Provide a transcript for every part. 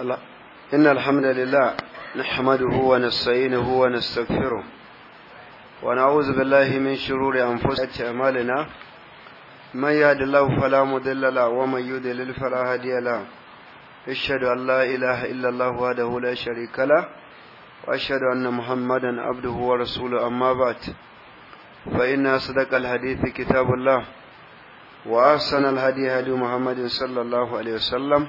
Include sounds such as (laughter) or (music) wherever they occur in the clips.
الله إن الحمد لله نحمده ونستعينه ونستغفره ونعوذ بالله من شرور أنفسنا أعمالنا من يهد الله فلا مضل له ومن يضلل فلا هادي له أشهد أن لا إله إلا الله وحده لا شريك له وأشهد أن محمدا عبده ورسوله أما بعد فإن أصدق الحديث كتاب الله وأحسن الهدي هدي محمد صلى الله عليه وسلم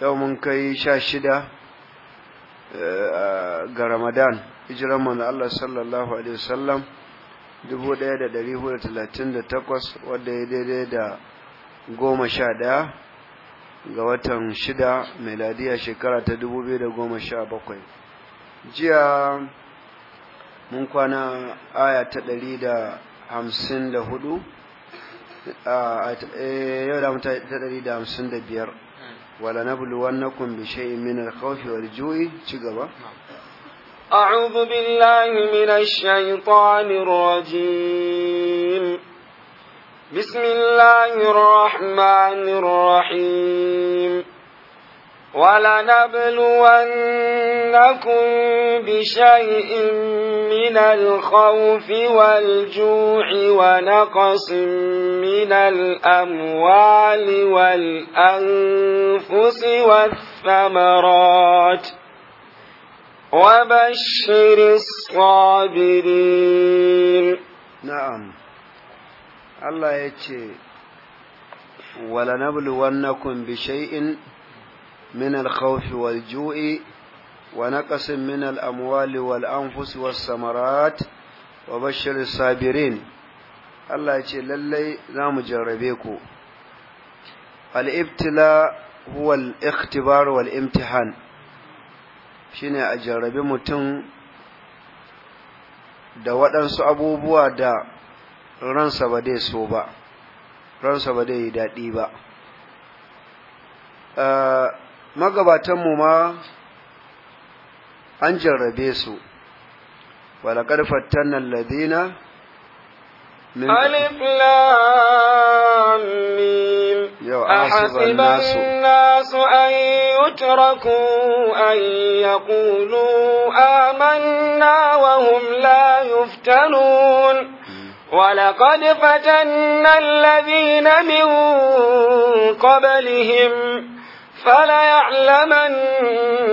yau mun kai sha shida eh, ga ramadan hijiran mana Allah sallallahu alaihi wasallam 1438 wadda ya daidai da goma sha ɗaya ga watan shida meladiya shekara ta 2017 jiya mun kwana aya ta da hamsin hudu a eh, yau da mutane ta da da hamsin biyar. ولنبلونكم بشيء من الخوف والجوع شقبا أعوذ بالله من الشيطان الرجيم بسم الله الرحمن الرحيم ولنبلونكم بشيء من الخوف والجوع ونقص من الأموال والأنفس والثمرات وبشر الصابرين نعم الله يتشي ولنبلونكم بشيء من من الخوف والجوع ونقص من الأموال والأنفس والثمرات وبشر الصابرين الله يقول للي لا مجربيكو الابتلاء هو الاختبار والامتحان shine a jarrabi mutum da waɗansu abubuwa da ransa ba dai so ba ransa ba dai daɗi ba magabatanmu ma an jarrabe su wala فتنا الذين من ألف لامين أحسب الناس, أن يتركوا أن يقولوا آمنا وهم لا يفتنون ولقد فتن الذين من قبلهم فليعلمن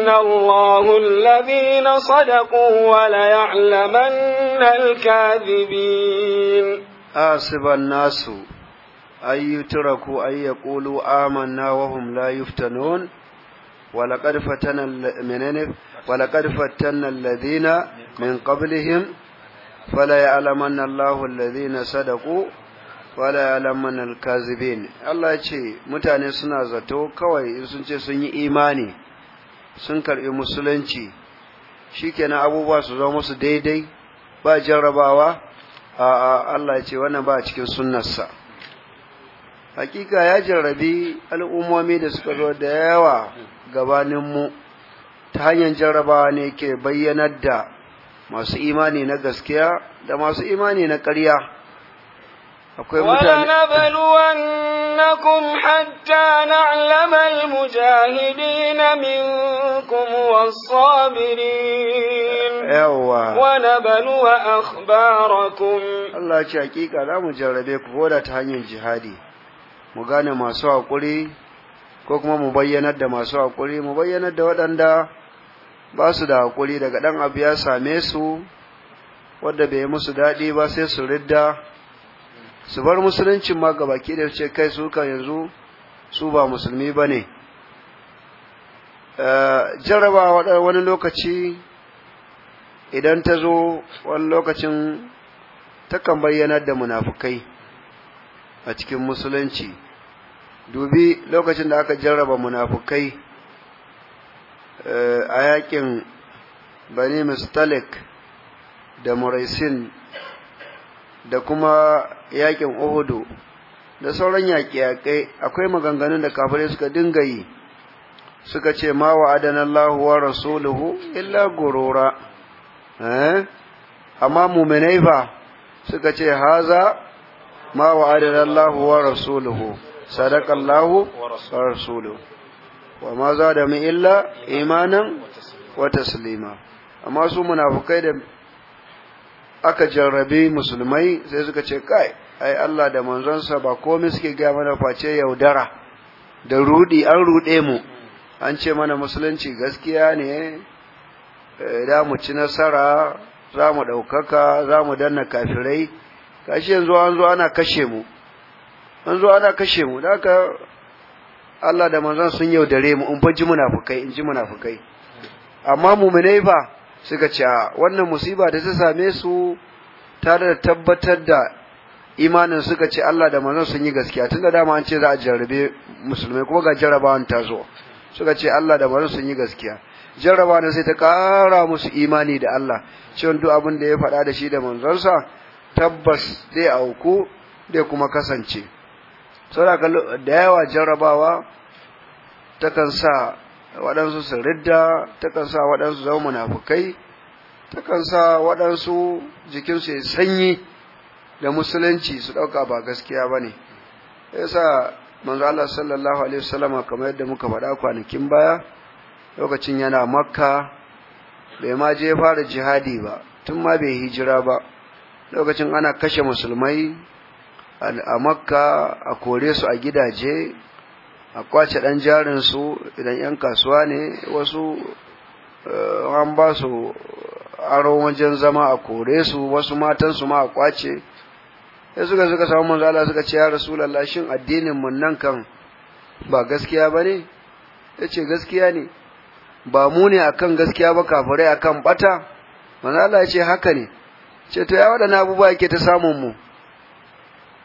الله الذين صدقوا وليعلمن الكاذبين آسب الناس أن يتركوا أن يقولوا آمنا وهم لا يفتنون ولقد فتن منين ولقد فتن الذين من قبلهم فليعلمن الله الذين صدقوا wala yalaman alkazibin Allah ya ce mutane suna zato kawai in sun ce sun yi imani sun karbi musulunci shi shikenan abubuwa su zama musu daidai ba jarrabawa a Allah ya ce wannan ba cikin sunnarsa hakika ya jarrabi al'ummomi da suka zo da yawa gabaninmu ta hanyar jarrabawa ne ke bayyanar da masu imani na gaskiya da masu imani na ƙarya ولنبلونكم حتى نعلم المجاهدين منكم والصابرين يوا ونبلو أخباركم الله حقيقة لا مجربك ولا تهني الجهادي مغانا ما سوى قولي ko kuma mu bayyanar da masu hakuri mu bayyanar da waɗanda ba su da hakuri daga ɗan abu ya same su wadda bai musu daɗi ba sai su ridda su bar musuluncin ma baki da ce kai su kan yanzu su ba musulmi ba ne eh, jarraba wani lokaci idan ta zo wani lokacin takan bayyanar da munafukai a cikin musulunci dubi lokacin da aka jarraba munafukai eh, a yakin bani mustalik da muraisin da kuma yakin Uhudu da sauran yaƙi-yaƙai akwai maganganun da kafirai suka dinga yi suka ce ma wa adanallahu wa rasuluhu illa gurura eh amma mu'minai fa suka ce haza ma wa adanallahu wa rasuluhu sadaqallahu wa rasuluhu wa ma zada min illa imanan wa taslima amma su munafikai da aka jarrabe musulmai sai suka ce kai ai Allah da manzonsa ba komai suke gaya mana face yaudara da rudi an rude mu an ce mana musulunci gaskiya ne da eh, mu ci nasara za mu ɗaukaka za mu danna kafirai kashi yanzu an zo ana kashe mu an zo ana kashe mu da Allah da manzon sun yaudare mu in fa ji munafukai in ji munafukai amma muminai fa suka ce wannan musiba da ta same su tare da tabbatar da imanin suka ce Allah da manzon sun yi gaskiya tunda dama an ce za a jarrabe musulmai kuma ga jarrabawan ta zo suka ce Allah da manzon sun yi gaskiya jarraba ne sai ta kara musu imani da Allah cewa duk abin da ya faɗa da shi da manzonsa tabbas zai auku zai kuma kasance saboda da yawa jarrabawa takan sa waɗansu su ridda takan sa waɗansu zama munafukai takan sa waɗansu jikinsu ya sanyi da musulunci su ɗauka ba gaskiya ba ne yasa manzo Allah sallallahu alaihi wasallama kamar yadda muka faɗa kwanakin baya lokacin yana makka bai ma je fara jihadi ba tun ma bai hijira ba lokacin ana kashe musulmai a makka a kore su a gidaje a kwace ɗan jarinsu idan 'yan kasuwa ne wasu eh, an ba su aro wajen zama a kore su wasu matansu ma a kwace sai suka suka samu manzo Allah suka ce ya rasulullah shin addinin mun nan kan ba gaskiya bane yace gaskiya ne ba mu ne akan gaskiya ba kafirai akan bata manzo Allah ya ce haka ne ce to ya wadannan abubuwa yake ta samun mu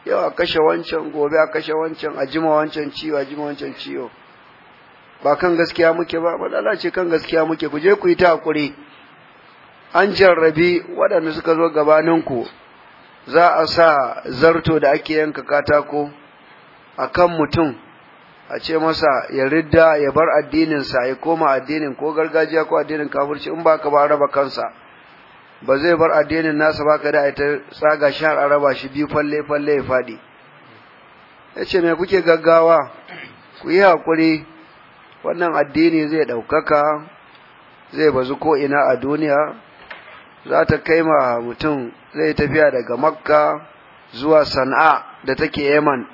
yau a kashe wancan gobe a kashe wancan a jima wancan ciwo a jima wancan ciwo ba kan gaskiya muke ba madala ce kan gaskiya muke ku je ku yi ta hakuri an jarrabi waɗanda suka zo gabaninku za a sa zarto da ake yanka katako a kan mutum a ce masa ya ridda ya bar addininsa ya koma addinin ko gargajiya ko addinin kafirci in ba ka ba raba kansa ba zai bar addinin nasa ba kada a ta tsaga shar araba shi biyu falle falle ya fadi. yace ce mai kuke gaggawa ku yi haƙuri wannan addini zai ɗaukaka zai bazu ko'ina a duniya za ta kai ma mutum zai tafiya daga makka zuwa sana'a da take yaman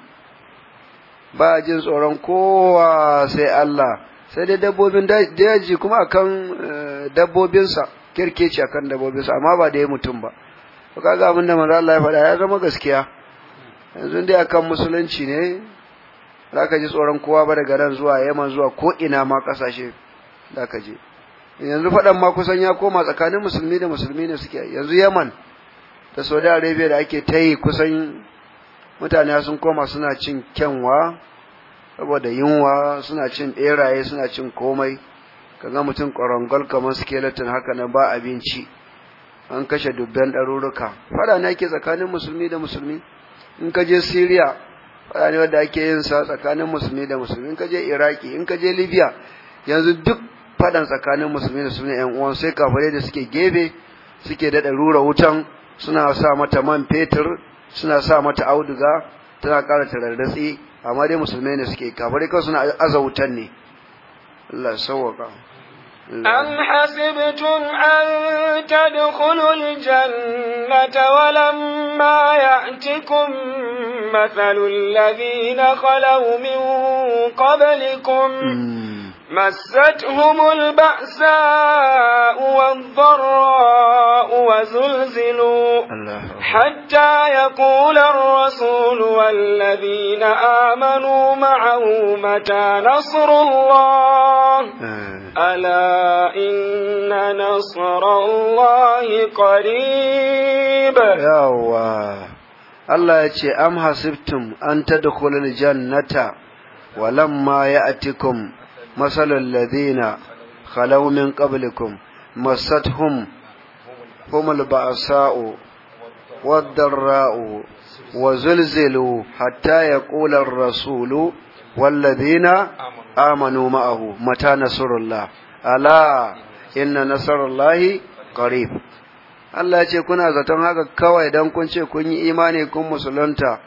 ba jin tsoron kowa sai Allah sai dai dabbobin daji kuma akan eh, dabbobinsa kirkeci akan su amma ba da ya mutum ba to kaga abin da manzo Allah ya faɗa ya zama gaskiya yanzu dai akan musulunci ne zaka ji tsoron kowa ba daga ran zuwa Yaman zuwa ko ina ma kasashe zaka je yanzu faɗan ma kusan ya koma tsakanin musulmi da musulmi ne suke yanzu Yaman da Saudi Arabia da ake ta yi kusan mutane sun koma suna cin kyanwa saboda yunwa suna cin beraye suna cin komai kaga mutum ƙwarangol kamar skeleton haka na ba abinci an kashe dubban ɗaruruka fara ne ake tsakanin musulmi da musulmi in ka je syria fara ne wanda ake yin sa tsakanin musulmi da musulmi in ka je iraki in ka je libya yanzu duk fadan tsakanin musulmi da musulmi yan uwan sai kafare da suke gebe suke da ɗarura wutan suna sa mata man fetur suna sa mata auduga tana ƙara tararratsi amma dai musulmai ne suke kafare kawai suna azautan ne Allah sauwaka أم حسبتم أن تدخلوا الجنة ولما يأتكم مثل الذين خلوا من قبلكم مستهم البأساء والضراء وزلزلوا حتى يقول الرسول والذين آمنوا معه متى نصر الله ألا إن نصر الله قريب Allah ya ce am hasibtum an tadkhulul jannata walamma ya'tikum مثل الذين خلوا من قبلكم مستهم هم البأساء والضراء وزلزلوا حتى يقول الرسول والذين آمنوا معه متى نصر الله ألا إن نصر الله قريب Allah ce kuna zaton haka kawai don kun ce kun yi imani kun musulunta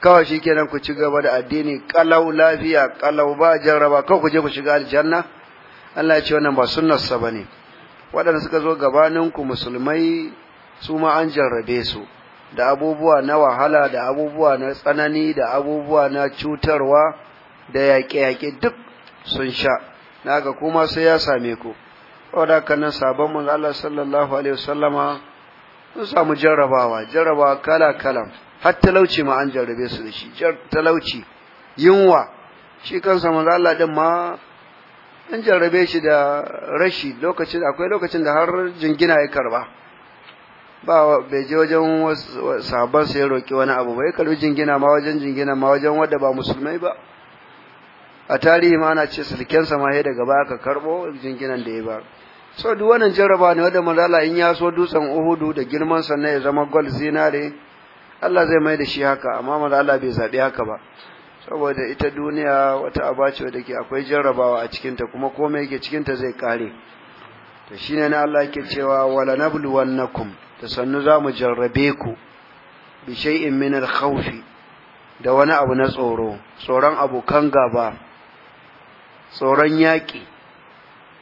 kawai shi kenan ku ci gaba da addini kalau lafiya kalau ba jaraba kawai ku je ku shiga aljanna Allah ya ce wannan ba sunnarsa ba ne waɗanda suka zo gabaninku musulmai su ma an jarrabe su da abubuwa na wahala da abubuwa na tsanani da abubuwa na cutarwa da yaƙe-yaƙe duk sun sha naga kuma sai ya same ku wadda kanan sabon manzo Allah sallallahu alaihi wasallama sun samu jarrabawa jarrabawa kala-kala har talauci ma an jarrabe su da shi talauci yunwa shi kansa manzo Allah din ma an jarrabe shi da rashi lokacin akwai lokacin da har jingina ya karba ba bai je wajen sahabban sai roki wani abu bai karbi jingina ma wajen jingina ma wajen wanda ba musulmai ba a tarihi ma ana ce sulken sa ma sai daga baya ka karbo jinginan da ya ba so duk wannan jarraba ne wanda manzo Allah in ya so dutsen Uhudu da girman sa ne ya zama gold zinare Allah zai mai da shi haka amma manzo Allah bai zabi haka ba saboda ita duniya wata aba ce da ke akwai jarrabawa a cikinta kuma komai yake cikinta zai kare to shine ne Allah yake cewa wala wannakum da sannu za mu jarrabe ku bi shay'in min al-khawfi da wani abu na tsoro tsoron abokan gaba tsoron yaƙi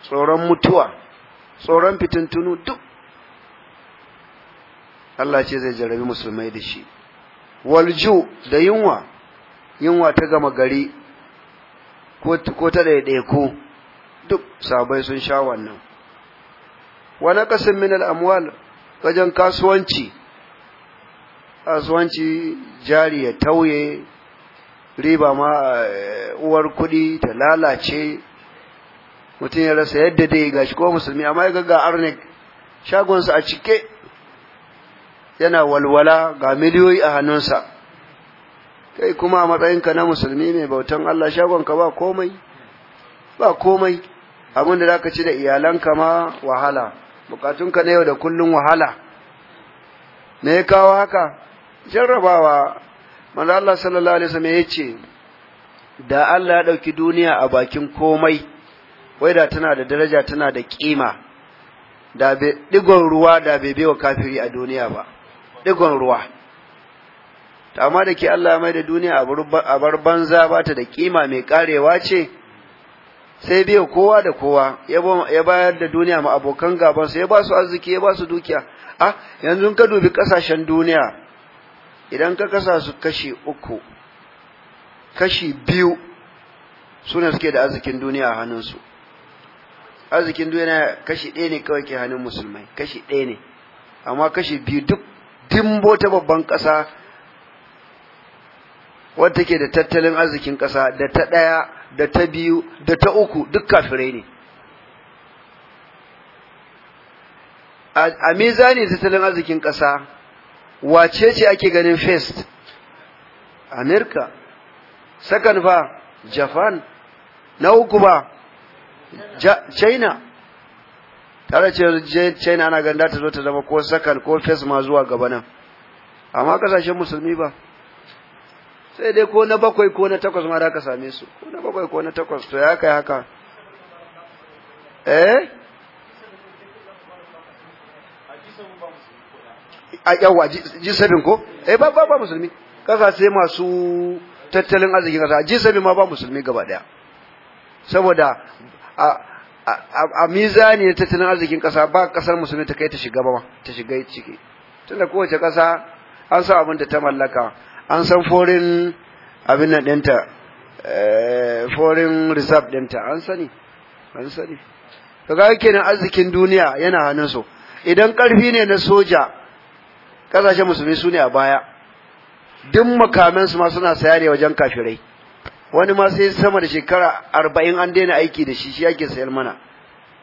tsoron mutuwa tsoron fitintunu duk Allah ce zai jarabi musulmai da shi walju da yunwa yunwa ta gama gari ko ta ko duk sabai sun sha wannan Wani naqasin min al wajen kasuwanci kasuwanci jari ya tauye riba ma eh, uwar kuɗi ta lalace mutum ya rasa yadda dai gashi ko musulmi amma ya ga ga arnik shagonsa a cike yana walwala ga miliyoyi a hannunsa kai kuma a matsayinka na musulmi mai bautan Allah shagonka ba komai ba komai abinda da za ka ci da iyalanka ma wahala bukatunka na yau da kullun wahala me ya kawo haka jarrabawa manzo Allah sallallahu alaihi wasallam ya ce da Allah ya dauki duniya a bakin komai wai da tana da daraja tana da kima da bai digon ruwa da bai baiwa kafiri a duniya ba digon ruwa to amma da ke Allah mai da duniya a bar banza ba ta da kima mai karewa ce sai biya kowa da kowa ya bayar da duniya ma abokan gabansa ya ba su arziki ya ba su dukiya ah yanzu ka dubi kasashen duniya idan ka kasa su kashi uku kashi biyu suna suke da arzikin duniya a hannunsu arzikin duniya kashi ɗaya ne kawai ke hannun musulmai kashi ɗaya ne amma kashi biyu duk timbo ta babban ƙasa wadda take da tattalin arzikin ƙasa da ta ɗaya da ta biyu da ta uku duk kafirai ne a mizani tattalin arzikin ƙasa wace ce ake ganin first amerika second ba japan na uku ba china tare ce china ana ganda ta zo ta zama ko sakan ko fes ma zuwa gaba nan amma kasashen musulmi ba sai dai ko na bakwai ko na takwas ma da ka same su ko na bakwai ko na takwas to ya kai haka eh a yawa G7 ko eh ba ba musulmi kasashe masu tattalin arzikin kasa ji sabin ma ba musulmi gaba daya saboda a a mizani na tattalin arzikin kasa ba kasar musulmi ta kai ta shiga ba ta shiga ciki tunda kowace kasa an san abin da ta mallaka an san foreign abin nan ɗinta eh, foreign reserve ɗinta an sani an sani to ga kenan arzikin duniya yana hannun su idan karfi ne na soja kasashen musulmi su ne a baya duk makamansu ma suna saya ne wajen kafirai wani ma sai sama da shekara arba'in an daina aiki da shi shi ake sayar mana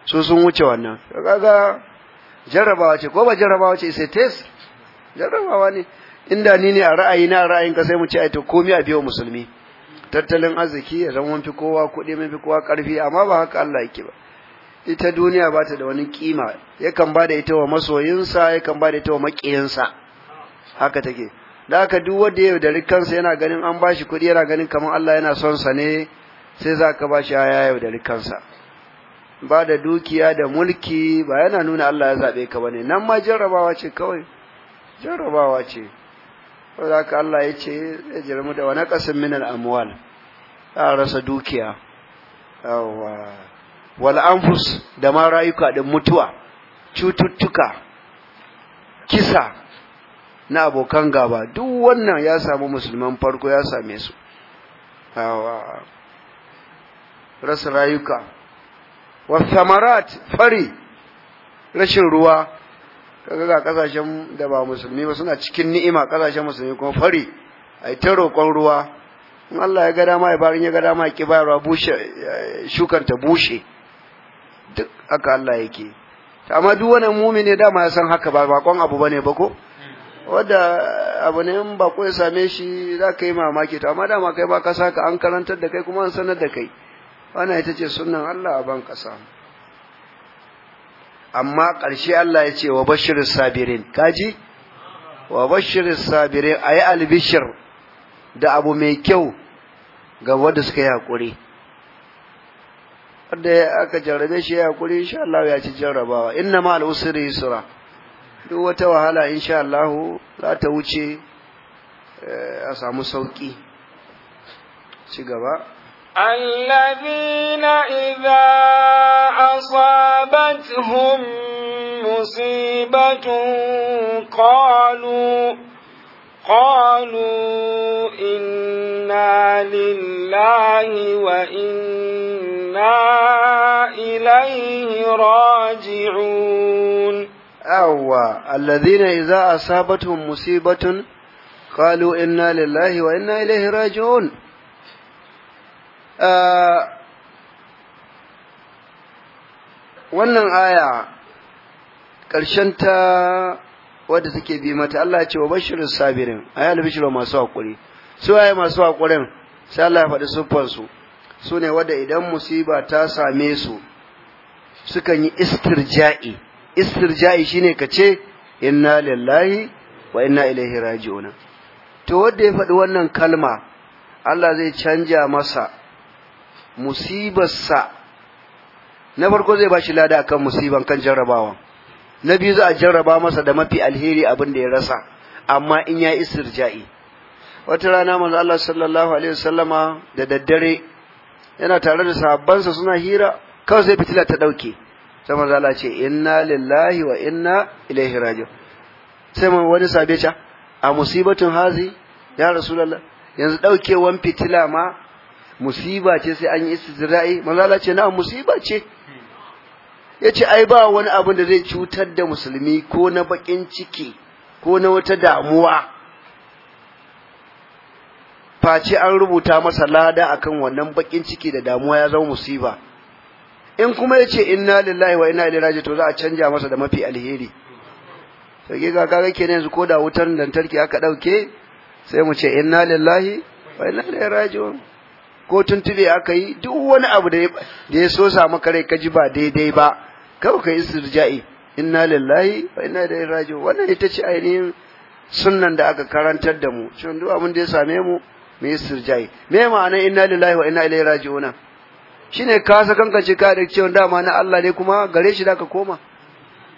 su sun wuce wannan kaga jarrabawa ce ko ba jarrabawa ce sai test jarrabawa ne inda ni ne a ra'ayi na ra'ayin ka sai mu ce ai to komai a biyo musulmi tattalin arziki ya zama fi kowa kuɗi mun fi kowa ƙarfi amma ba haka Allah yake ba ita duniya ba ta da wani kima yakan ba da ita wa masoyinsa yakan ba da ita wa maƙiyinsa haka take da aka duk wanda ya yaudari kansa yana ganin an bashi kuɗi yana ganin kamar Allah yana son sa ne sai za ka bashi ya yaudari kansa ba da dukiya da mulki ba yana nuna Allah ya zaɓe ka bane nan ma jarrabawa ce kawai jarrabawa ce ko haka Allah ya ce ya jirmu da wani kasin min al-amwal a rasa dukiya yawa wal anfus da ma rayuka din mutuwa cututtuka kisa na abokan gaba duk wannan ya samu musulman farko ya same su rasa rayuka wasamarat fari rashin ruwa kaga ga kasashen da ba musulmi ba suna cikin ni'ima kasashen musulmi kuma fari ai ta roƙon ruwa in Allah ya ga dama ya barin ya ga dama ya bayarwa bushe shukar ta bushe duk haka Allah yake amma duk wani mumini dama ya san haka ba bakon abu ba ne ba ko wadda abu ne in ba ya same shi za ka yi mamaki to amma dama kai ba ka saka an karantar da kai kuma an sanar da kai wannan ita ce sunan Allah a ban kasa amma ƙarshe Allah ya ce wa bashirin sabirin kaji wa bashirin sabirin a yi albishir da abu mai kyau ga wanda suka yi hakuri wanda aka jarrabe shi ya haƙuri, insha Allah ya ci jarrabawa inna ma al yusra duk wata wahala insha Allah za ta wuce a samu sauki ci gaba الذين إذا أصابتهم مصيبة قالوا قالوا إنا لله وإنا إليه راجعون awwa alladhina idza asabatuhum musibatun qalu inna lillahi wa inna ilaihi raji'un ah, wannan aya ƙarshen ta wadda take bi mata Allah ya ce wa bashirin sabirin ayi albishiro masu hakuri su aya masu hakurin sai Allah ya faɗi siffar su su ne wadda idan musiba ta same su sukan yi istirja'i istirja'i shine ka ce inna lillahi wa inna ilaihi raji'una to wanda ya faɗi wannan kalma Allah zai canja masa musibarsa na farko zai bashi lada akan musiban kan jarrabawa na biyu za a jarraba masa da mafi alheri abin da ya rasa amma in ya istirja'i wata rana manzo Allah sallallahu alaihi wasallama da daddare yana tare da sahabbansa suna hira kawai sai fitila ta dauke sai manzo Allah ce inna lillahi wa inna ilaihi raji'un sai man wani sabe ca a musibatin hazi ya rasulullah yanzu daukewan fitila ma musiba ce sai an yi istizra'i manzo Allah ce na musiba ce yace ai ba wani abin da zai cutar da musulmi ko na bakin ciki ko na wata damuwa face an rubuta masa lada akan wannan bakin ciki da damuwa ya zama musiba in kuma ya ce inna lillahi wa inna ilaihi raji to za a canja masa da mafi alheri to ke ga kaga kenan yanzu koda wutar lantarki aka dauke sai mu ce inna lillahi wa inna ilaihi raji'un ko tuntube aka yi duk wani abu da ya so samu kare ka ji ba daidai ba kawai ka istirja'i inna lillahi wa inna ilaihi raji'un wannan ita ce ainihin sunnan da aka karantar da mu cewa duk abin da ya same mu mu istirja'i me ma'anar inna lillahi wa inna ilaihi raji'una shine ka sa kanka ce ka da cewa dama na Allah ne kuma gare shi da ka koma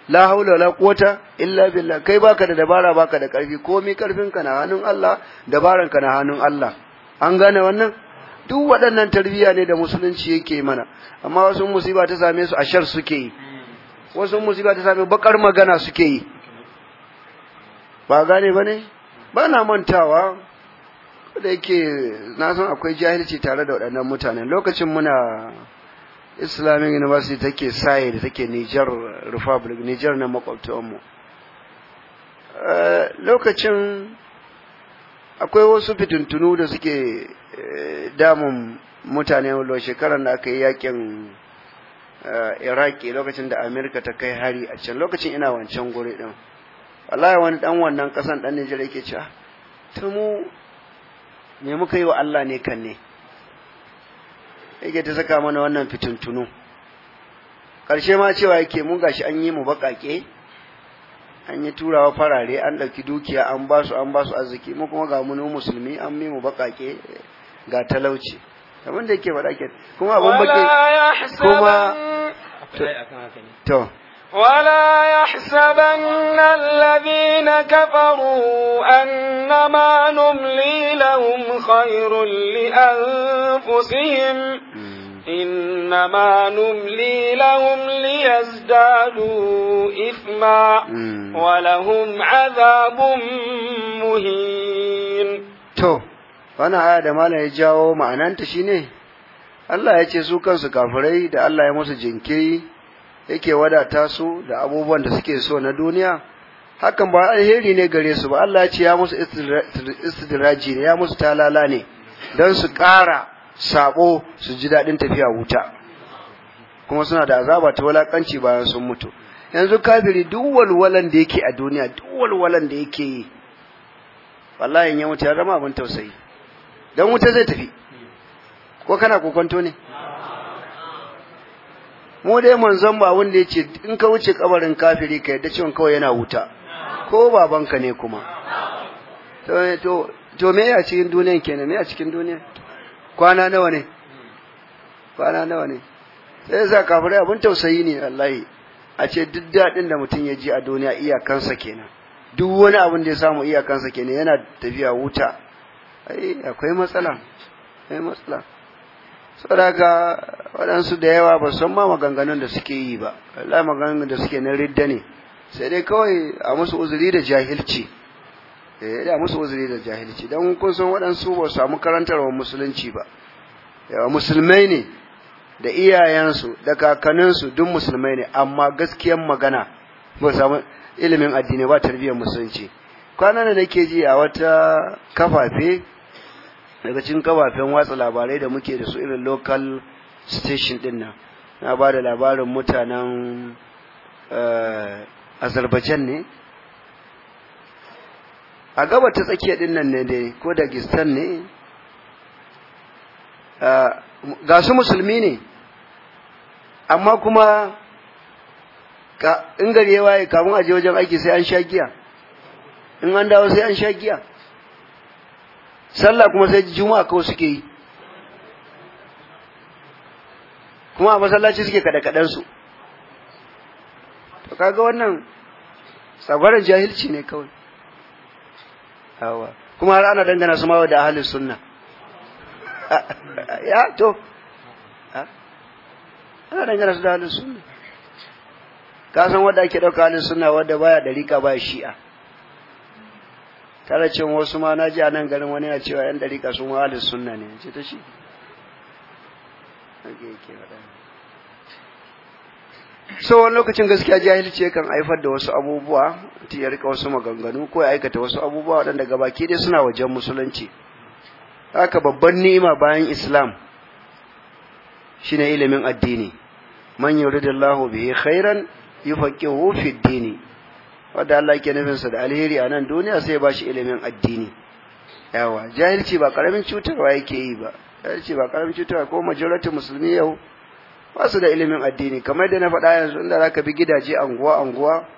la haula wala quwata illa billah kai baka da dabara baka da karfi komai karfin ka na hannun Allah dabaran ka na hannun Allah an gane wannan duk waɗannan tarbiyya ne da musulunci yake mana amma wasu musiba ta same su ashar suke yi wasu musiba ta same bakar magana suke yi ba gane bane ba na mantawa da yake na san akwai jahilci tare da waɗannan mutane lokacin muna islamic university take saye da take niger republic niger na mu. Eh, lokacin akwai wasu fitintunu da suke eh, damun mutane lo shekarar da aka yi yakin eh, iraki lokacin da amerika ta kai hari a can lokacin ina wancan guri din wallahi wani dan wannan kasan dan nijar yake cewa ta mu me muka yi wa Allah ne kan ne yake ta saka mana wannan fitintunu ƙarshe ma cewa yake mun gashi an yi mu baƙaƙe an yi turawa farare an ɗauki dukiya an ba su an ba su arziki mu kuma ga munu musulmi an mi mu baƙaƙe ga talauci abin da yake faɗa ke kuma abin baƙi kuma to ولا يحسبن الذين كفروا أنما نملي لهم خير لأنفسهم إنما نملي لهم ليزدادوا إثما ولهم عذاب مهين تو wannan aya da malam ya jawo ma'ananta shine Allah ya ce su kansu kafirai da Allah ya musu jinkiri yake wadata su da abubuwan da suke so na duniya hakan ba alheri ne gare su ba Allah ya ce ya musu istidraji ne ya musu talala ne don su ƙara sabo su ji daɗin tafiya wuta kuma suna da azaba ta walakanci bayan sun mutu yanzu kafiri duk walwalan da yake a duniya duk walwalan da yake yi wallahi ya mutu ya zama abin tausayi don wuta zai tafi ko kana kokonto ne mu dai manzon ba wanda yace in ka wuce kabarin kafiri kai da cewa kawai yana wuta ko babanka ne kuma to to to me ya cikin duniyan kenan me ya cikin duniya kwana nawa ne kwana nawa ne sai yasa kafirai abin tausayi ne wallahi a ce duk dadin da mutum ya ji a duniya iyakansa kenan duk wani abin da ya samu iyakansa kenan yana tafiya wuta ai akwai matsala akwai matsala sadaka waɗansu da yawa ba san ma maganganun da suke yi ba la maganganun da suke na ridda ne sai dai kawai a musu uzuri da jahilci eh da musu uzuri da jahilci don kun san waɗansu ba samu samu karantarwar musulunci ba yawa eh, musulmai ne da iyayensu da kakanninsu duk musulmai ne amma gaskiyar magana ba samu ilimin addini ba tarbiyyar musulunci kwanan da nake ji a wata kafafe daga cikin kafafen watsa labarai da muke da su irin local station din nan na ba da labarin mutanen eh, azerbaijan ne a gaba ta tsakiya din nan ne dai ko dagistan ne eh, ga su musulmi ne amma kuma in gari ya waye kamun aje wajen aiki sai an sha giya in an dawo sai an sha giya sallah kuma sai juma'a kawai suke yi kuma a masallaci suke kaɗe su to kaga wannan sabarin jahilci ne kawai hawa kuma har ana dangana su mawa da ahalin sunna (laughs) ya to ana dangana su da ahalin sunna ka san wanda ake ɗauka ahalin sunna wanda baya ɗariƙa baya shi'a tare ce wasu ma naji a nan garin wani a cewa yan dariƙa sun ma sunna ne ce ta shi so wani lokacin gaskiya jahilci yakan haifar da wasu abubuwa ta ya rika wasu maganganu ko ya aikata wasu abubuwa waɗanda gabaki dai suna wajen musulunci haka babban ni'ima bayan islam shine ilimin addini man yuridillahu bihi khairan yufaqihu fi dini wanda Allah yake nufin sa da alheri a nan duniya sai ya bashi ilimin addini yawa jahilci ba karamin cutarwa yake yi ba jahilci ba karamin cutarwa ko majority musulmi yau ba su da ilimin addini kamar da na faɗa yanzu inda zaka bi gidaje anguwa anguwa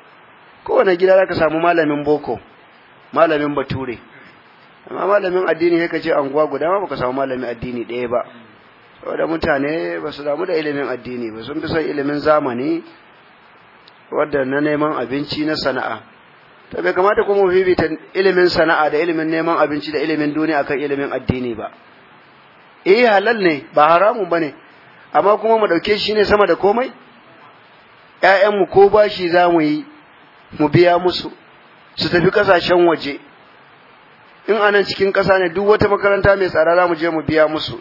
kowane gida zaka samu malamin boko malamin bature amma malamin addini sai ka ce anguwa guda ma baka samu malamin addini ɗaya ba saboda mutane ba su damu da ilimin addini ba sun fi son ilimin zamani wadda na neman abinci na sana'a to bai kamata kuma mu fifita ilimin sana'a da ilimin neman abinci da ilimin duniya akan ilimin addini ba eh halal ne ba haramun ne. amma kuma mu dauke shi ne sama da komai ƴaƴanmu ko ba shi za mu yi mu biya musu su tafi kasashen waje in anan cikin ƙasa ne duk wata makaranta mai tsara za mu je mu biya musu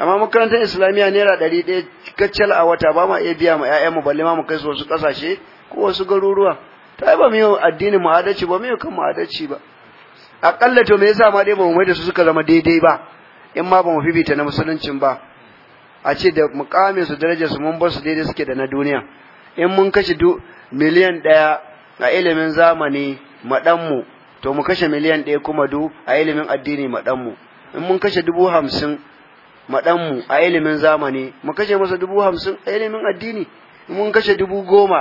amma makarantar islamiyya naira ɗari ɗaya kacal a wata ba ma iya biya ma ƴaƴanmu balle ma mu kai su wasu ƙasashe ko wasu garuruwa ta ba mu yi addinin mu adalci ba mu kan mu adalci ba aƙalla to me yasa ma dai ba mu mai da su suka zama daidai ba in ma ba mu fifita na musuluncin ba a ce da mukamin su darajar su mun bar su daidai suke da na duniya in mun kashe miliyan ɗaya a ilimin zamani maɗanmu to mu kashe miliyan ɗaya kuma du a ilimin addini maɗanmu in mun kashe dubu hamsin maɗanmu a ilimin zamani mu kashe masa dubu hamsin a ilimin addini mun kashe dubu goma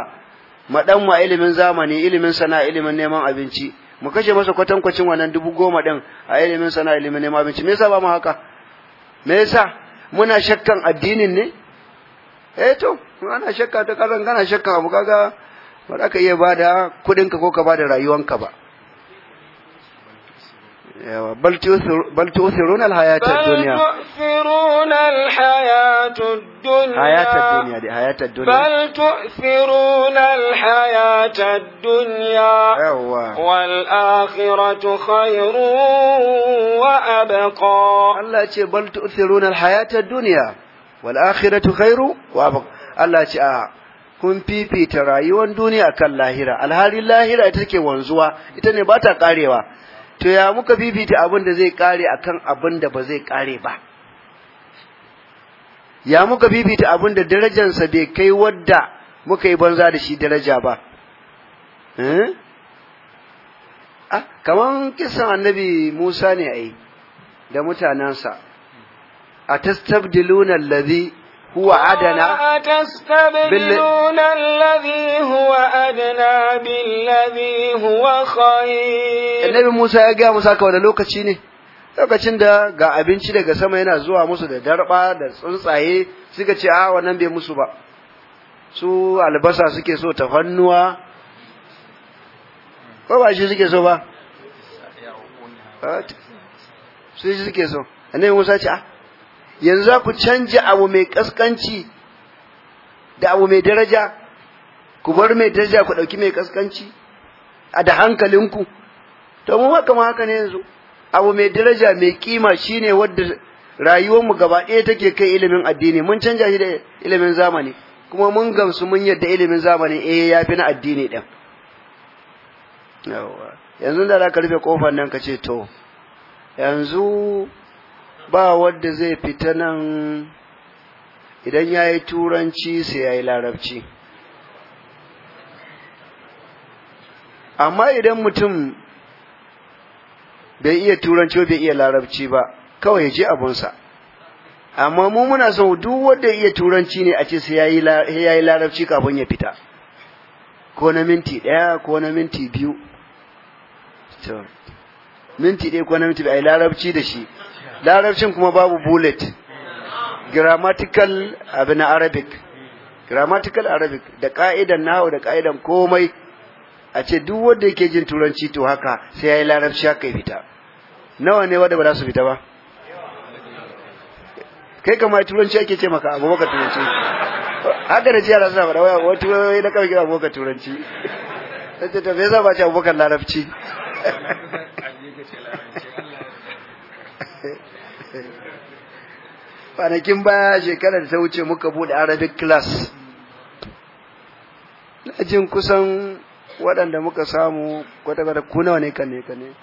maɗanmu a ilimin zamani ilimin sana'a ilimin neman abinci mu kashe masa kwatankwacin wannan dubu goma ɗin a ilimin sana'a ilimin neman abinci me yasa ba mu haka me yasa muna shakkan addinin ne eh to ana shakka ta karan kana shakka mu kaga ba za ka iya bada kuɗinka ko ka bada rayuwanka ba بل تؤثرون الحياة الدنيا بل تؤثرون الحياة الدنيا حياة الدنيا دي حياة الدنيا بل تؤثرون الحياة الدنيا والآخرة خير وأبقى الله يقول بل تؤثرون الحياة الدنيا والآخرة خير وأبقى الله يقول kun fifita rayuwar duniya kan lahira alhali lahira ita take wanzuwa ita ne ba ta karewa to ya muka bibita abin da zai kare akan abin da ba zai kare ba ya muka bibita abin da darajansa bai kai wadda muka yi banza da shi daraja ba ah kaman kisan annabi Musa ne ai da mutanansa atastabdiluna allazi هو أدنى تستبدلون الذي هو بالذي هو خير النبي موسى ya gaya musa ka wani lokaci ne lokacin da ga abinci daga sama yana zuwa musu da darba da tsuntsaye suka ce a wannan bai musu ba su albasa suke so ta fannuwa ko ba shi suke so ba su suke so annabi musa ce a yanzu ku canja abu mai kaskanci da abu mai daraja ku bar mai daraja ku ɗauki mai kaskanci a da hankalinku to mu haka ma haka ne yanzu abu mai daraja mai kima shine wadda rayuwarmu gaba ɗaya take kai ilimin addini mun canja shi da ilimin zamani kuma mun gamsu mun yadda ilimin zamani eh ya fi na addini ɗin yanzu da za ka rufe kofar nan ka ce to yanzu ba wadda zai fita nan idan ya yi turanci sai ya yi larabci amma idan mutum bai iya turanci bai iya larabci ba kawai ya je abunsa amma mu muna so duk wanda iya turanci ne a ce sai ya yi larabci kafin ya fita ko na minti ɗaya ko na minti biyu minti ɗaya ko na minti biyu a yi larabci da shi larabcin kuma babu bullet grammatical abin arabic grammatical arabic da ka'idan nahu da ka'idan komai a ce duk wanda yake jin turanci to haka sai yayi larabci haka ya fita nawa ne wanda ba za su fita ba kai kama turanci ake ce maka abu maka turanci haka da jiyar suna faɗa waya wata wai na kawai abu maka turanci ta ce ta zai ba ce abu maka larabci (laughs) kwanakin baya shekarar ta wuce muka bude arabic class na jin kusan waɗanda muka samu kwata-kwata ku nawa ne kan ne kan ne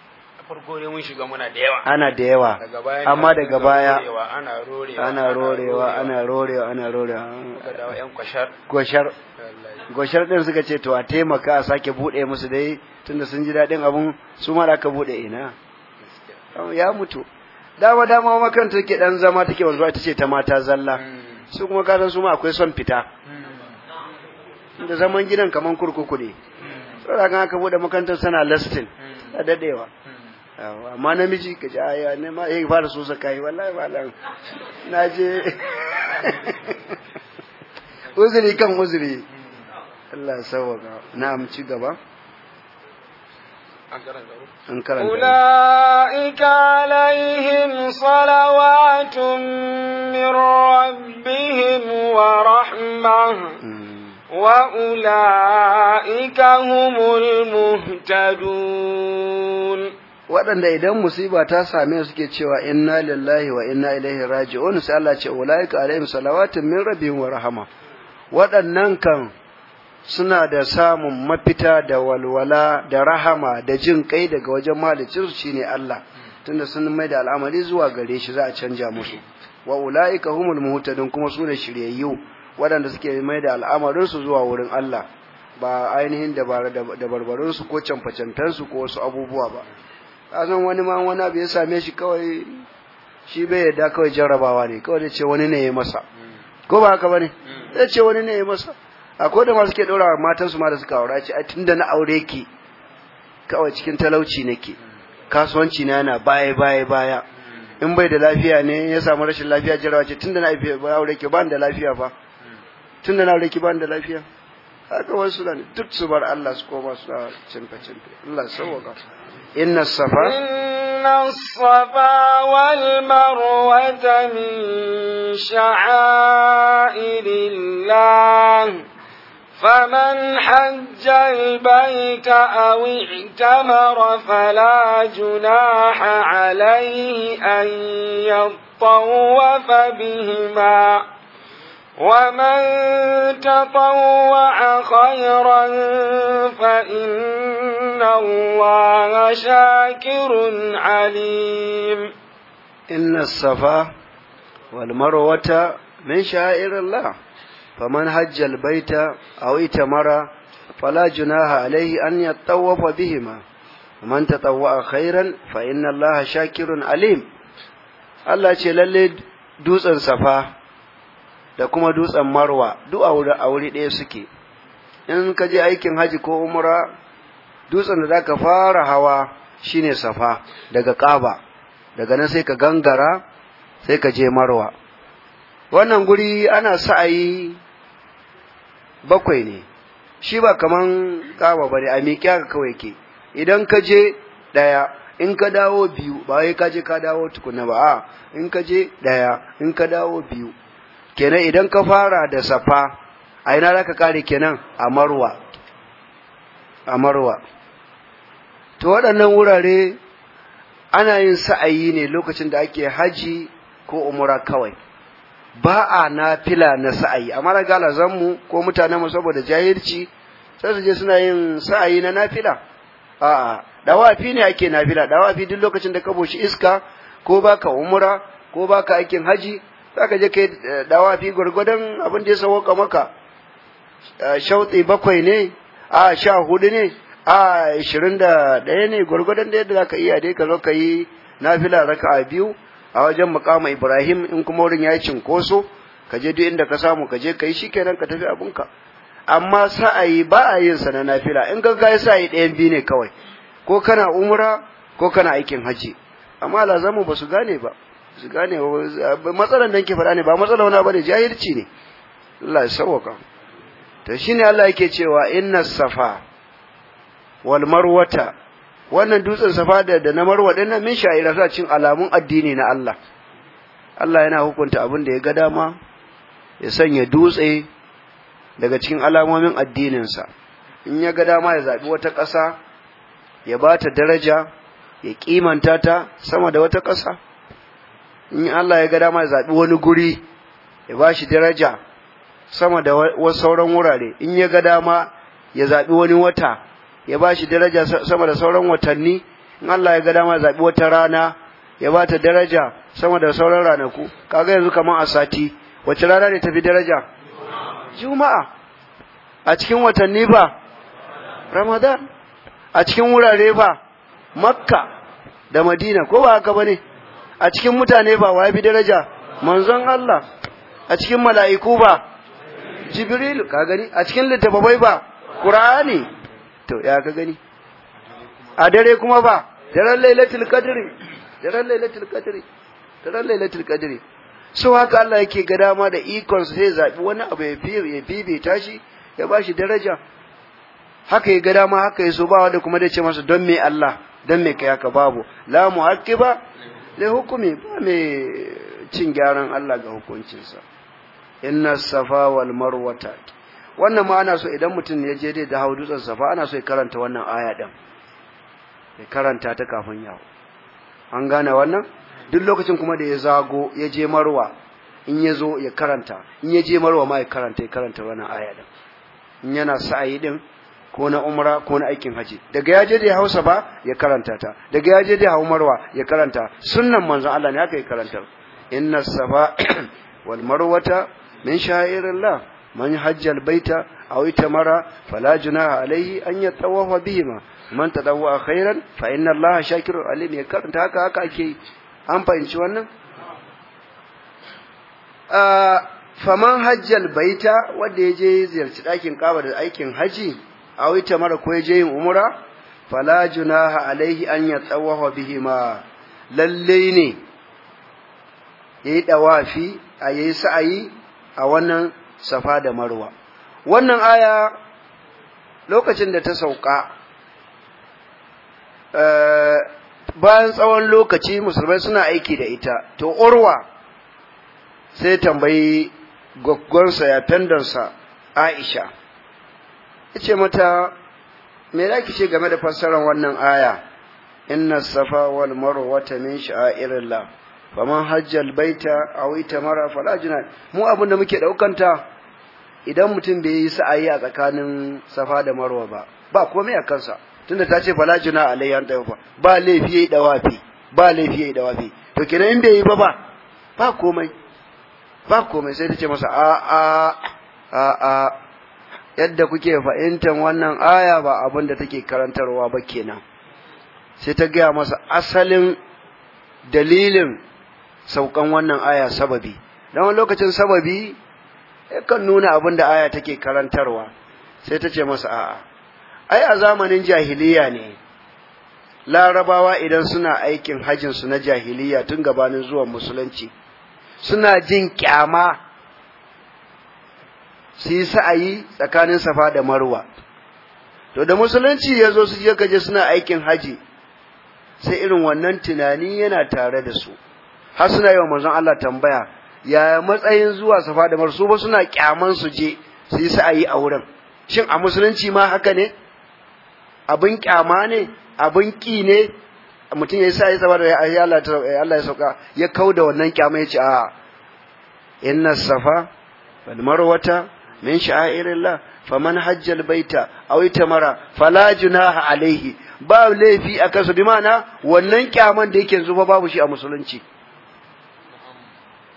mun shiga muna da yawa ana da yawa amma daga baya ana rorewa ana rorewa ana rorewa ana rorewa goshar goshar ɗin suka ce to a taimaka a sake bude musu dai tunda sun ji daɗin abun su mara ka buɗe bude ina ya mutu dama dama makaranta take dan zama take wanzuwa ita ce ta mata zalla hmm. su kuma karan su ma akwai son fita hmm. da zaman gidan kaman kurkuku ne hmm. saboda kan aka bude makarantar sana lastin a dadewa amma namiji ka ji aya ne ma ya eh, fara saka yi wallahi malam na je (laughs) (laughs) uzuri kan uzuri Allah ya sauwaka na amci gaba أولئك عليهم صلوات من ربهم ورحمة وأولئك هم المهتدون waɗanda idan musiba ta same su cewa inna lillahi wa inna ilaihi raji'un sai Allah ce ulaika alaihim salawatun min rabbihim wa rahama waɗannan kan suna da samun mafita da walwala da rahama da jin kai daga wajen malicin shi ne Allah tunda sun mai da al'amari zuwa gare shi za a canja musu wa ula'ika humul muhtadun kuma su ne shiryayyu waɗanda suke mai da al'amarin su zuwa wurin Allah ba ainihin dabarbarin su ko canfacantar su ko wasu abubuwa ba kasan wani ma wani abu ya same shi kawai shi bai yarda kawai jarrabawa ne kawai da ce wani ne ya masa ko ba haka bane da mm. ce wani ne ya masa akwai da ma suke ɗora matansu ma da suka aura ce a tunda na aure ki kawai cikin talauci nake kasuwanci na yana baya baya baya in bai da lafiya ne ya samu rashin lafiya jarawa ce tunda na ba aure ki ba da lafiya fa tunda na aure ki ba da lafiya haka wasu da duk su bar Allah su koma su na cinta cinta Allah sauwaka inna safa inna safa wal marwa min sha'airillah فمن حج البيت أو اعتمر فلا جناح عليه أن يطوف بهما ومن تطوع خيرا فإن الله شاكر عليم إن الصفا والمروة من شائر الله faman hajjal baita aw mara. fala junaha alaihi an yattawafa bihima man tatawwa khairan fa inna allaha shakirun alim Allah ce lalle dutsen safa da kuma dutsen marwa duk a wuri ɗaya suke in ka je aikin haji ko umra dutsen da zaka fara hawa shine safa daga ƙaba, daga nan sai ka gangara sai ka je marwa wannan guri ana sa'ayi bakwai ne shi ba kamar kawa ba ne a miƙe haka kawai ke idan ka je ɗaya in ka dawo biyu ba wai ka je ka dawo tukuna ba a in ka je ɗaya in ka dawo biyu kenan idan ka fara da safa a ina za ka kare kenan a marwa a marwa to waɗannan wurare ana yin sa'ayi ne lokacin da ake haji ko umura kawai ba a nafila na sa'ayi amma na gala zanmu ko mutanen mu saboda jahilci sai su je suna yin sa'ayi na nafila a'a dawafi ne ake nafila dawafi duk lokacin da ka boshi iska ko baka umura ko baka aikin haji zaka je kai eh, dawafi gurgudan abin da ya sauka maka eh, shauti bakwai ne a sha hudu ne a ashirin da ɗaya ne gwargwadon da yadda za ka iya dai ka zo ka yi nafila raka'a biyu a wajen mukama Ibrahim in kuma wurin ya yi cinkoso ka je duk inda ka samu ka je kai shi kenan ka tafi abinka amma sa'ayi ba a yin sa na nafila in ka ga sa'ayi ɗayan biyu ne kawai ko kana umra ko kana aikin haji amma lazamu ba su gane ba su gane matsalan da ke faɗa ne ba matsala wani bane jahilci ne Allah ya sauwaka to shine Allah yake cewa inna safa wal marwata wannan dutsen safa da na marwa dinnan min sha'ira a cin alamun addini na Allah Allah yana hukunta abin da ya ga dama ya sanya dutse daga cikin alamomin addininsa in ya ga dama ya zaɓi wata ƙasa ya ba ta daraja ya kimanta ta sama da wata ƙasa in Allah ya ga dama ya zaɓi wani guri ya ba shi daraja sama da sauran wurare in ya ga dama ya zaɓi wani wata ya ba shi daraja sama da sauran watanni in Allah ya ga dama zaɓi wata rana ya ba ta daraja sama da sauran ranaku kaga yanzu kamar a sati wace rana ne tafi daraja juma'a a cikin watanni ba ramadan a cikin wurare ba makka da madina ko ba haka bane a cikin mutane ba wa fi daraja manzon Allah a cikin mala'iku ba jibril ka gani a cikin littattafai ba qur'ani to ya ka gani a dare kuma ba daren lailatul qadri daren lailatul qadri daren lailatul qadri so haka Allah yake ga dama da ikon sai zabi wani abu ya fi ya bibita tashi ya bashi daraja haka ya ga dama haka ya so ba wanda kuma da ce masa don me Allah don me kai haka babu la muhaqqiba le hukumi. ba me cin gyaran Allah ga hukuncinsa inna safa wal marwata wannan ma ana so idan mutum ya je dai da hau dutsen safa ana so ya karanta wannan aya din ya karanta ta kafin yawo an gane wannan duk lokacin kuma da ya zago ya je marwa in ya zo ya karanta in ya je marwa ma ya karanta ya karanta wannan aya din in yana sa'ayi din ko na umra ko na aikin haji daga ya je da ya hausa ba ya karanta ta daga ya je da ya hau marwa ya karanta sunnan manzon Allah ne aka yi karanta inna safa (clears throat) wal marwata min sha'irillah man hajjal baita aw itamara fala junaha alaihi an yatawafa bihima man tadawwa khairan fa inna allaha shakirun alim ya karanta haka haka ake an fahimci wannan ah, faman hajjal baita wanda ya je ziyarci dakin kaba da aikin hajji a wita mara ko je yin umra fala alaihi an ya tsawaha bihima lalle ne yayi dawafi a yayi sa'ayi a wannan safa da marwa wannan aya lokacin da ta sauka eh, bayan tsawon lokaci musulmai suna aiki da ita to urwa sai tambayi gwaggonsa ya tandansa aisha ce mata me za ki ce game da fassarar wannan aya inna safa wal ta min sha'irillah faman hajjal baita aw itamara fala mu abin da muke daukanta idan mutum bai yi sa'ayi a tsakanin safa da marwa ba ba komai a kansa tunda ta ce fala juna alayyan tawfa ba laifi yayi dawafi ba laifi yayi dawafi to kenan in bai yi ba ba komai ba komai sai ta ce masa a a a a yadda kuke fahimtar wannan aya ba abin da take karantarwa ba kenan sai ta gaya masa asalin dalilin saukan wannan aya sababi don lokacin sababi kan nuna abin da aya take karantarwa sai ta ce masa a'a ai a zamanin jahiliya ne larabawa idan suna aikin hajin su na jahiliya tun gabanin zuwan musulunci suna jin kyama su yi sa'ayi tsakanin safa da marwa to da musulunci ya zo su je kaje suna aikin haji sai irin wannan tunani yana tare da su har suna yi wa manzon Allah tambaya yaya matsayin zuwa safa da marsu su ba suna kyaman su je su yi sa'ayi a wurin shin a musulunci ma haka ne abin kyama ne abin ki ne mutum ya yi sa'ayi safa da Allah ya sauka ya da wannan kyama ya ce a inna safa wal marwata min sha'airillah faman hajjal baita aw itamara fala junaha alaihi ba laifi akan su bi mana wannan kyaman da yake zuba babu shi a musulunci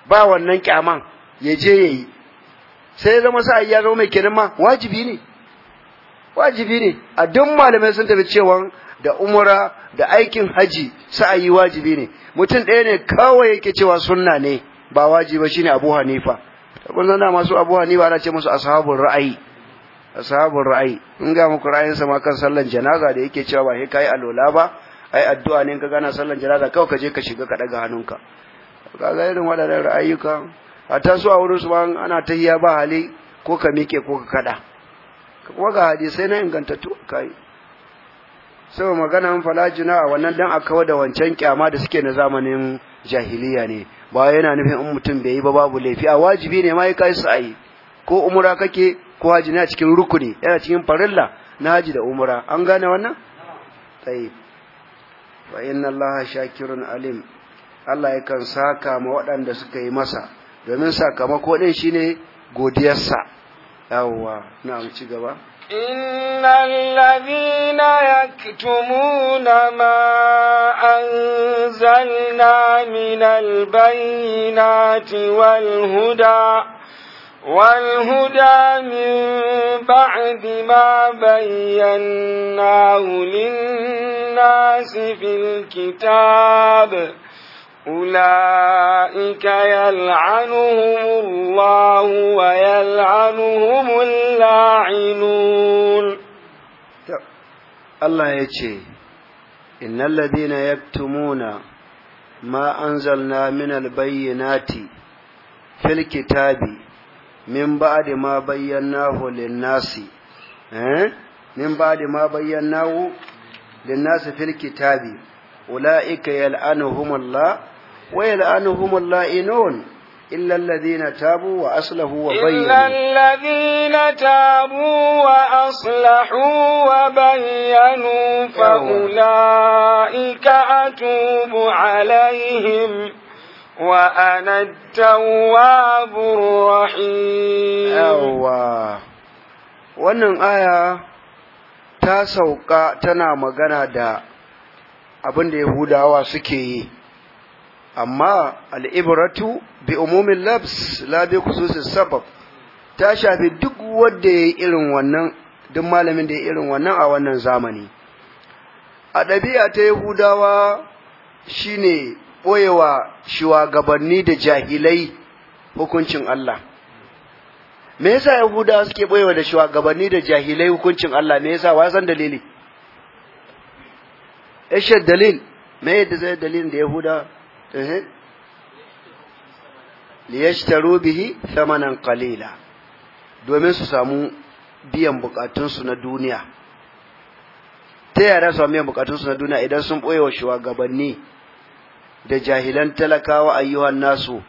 ba wannan kyaman ya je ya yi sai ya zama sa'ayi ya zama mai kenan ma wajibi ne wajibi ne a duk malamai sun tafi cewa da umura da aikin haji sa'ayi wajibi ne mutum ɗaya ne kawai yake cewa sunna ne ba shi ne Abu Hanifa kun zana masu Abu Hanifa ana ce musu ashabun ra'ayi Ashabun ra'ayi in ga muku ra'ayin sa ma kan sallan janaza da yake cewa ba sai kai alola ba ai addu'a ne in ka gana sallan janaza kawai ka je ka shiga ka ɗaga hannunka kaga irin waɗannan ra'ayuka a taso a wurin su ban ana tahiya ba hali ko ka mike ko ka kada kuma ga hadisai na ingantattu kai sai fala jina a wannan dan aka da wancan kyama da suke na zamanin jahiliya ne ba yana nufin in mutum bai yi ba babu laifi a wajibi ne ma ya kai sa'i ko umura kake ko haji na cikin rukuni yana cikin farilla na haji da umura an gane wannan tayyib wa inna allaha shakirun alim Allah yakan saka ma waɗanda suka yi masa domin sakamako ɗin shi ne godiyarsa. Yawwa, na ci gaba. Inna allazina yaktumuna ma anzalna minal bayyinati wal huda min ba'di بعد ما بيناه للناس في الكتاب أولئك يلعنهم الله ويلعنهم اللاعنون الله يجي إن الذين يكتمون ما أنزلنا من البينات في الكتاب من بعد ما بيناه للناس من بعد ما بيناه للناس في الكتاب أولئك يلعنهم الله ويلعنهم اللائنون إلا الذين تابوا وأصلحوا وبينوا إلا الذين تابوا وأصلحوا وبينوا فأولئك أتوب عليهم وأنا التواب الرحيم أوه. wannan aya ta sauka tana magana da abin da Yahudawa suke yi amma al’ibaratu bi umumin labs la bi khususin sabab ta shafi duk wadda ya yi irin wannan duk malamin da ya irin wannan a wannan zamani a ɗabi'a ta yahudawa shine ɓoyewa shugabanni da jahilai hukuncin Allah me yasa yahudawa suke ɓoyewa da shugabanni da jahilai hukuncin Allah me yasa wa san dalili ishe dalil me yadda zai dalilin da yahudawa Eh? liyashtaru bihi thamanan qalila domin su samu biyan bukatunsu na duniya ta yara su biyan bukatunsu na duniya idan sun boye wa shugabanni da jahilan talakawa ayyuhan nasu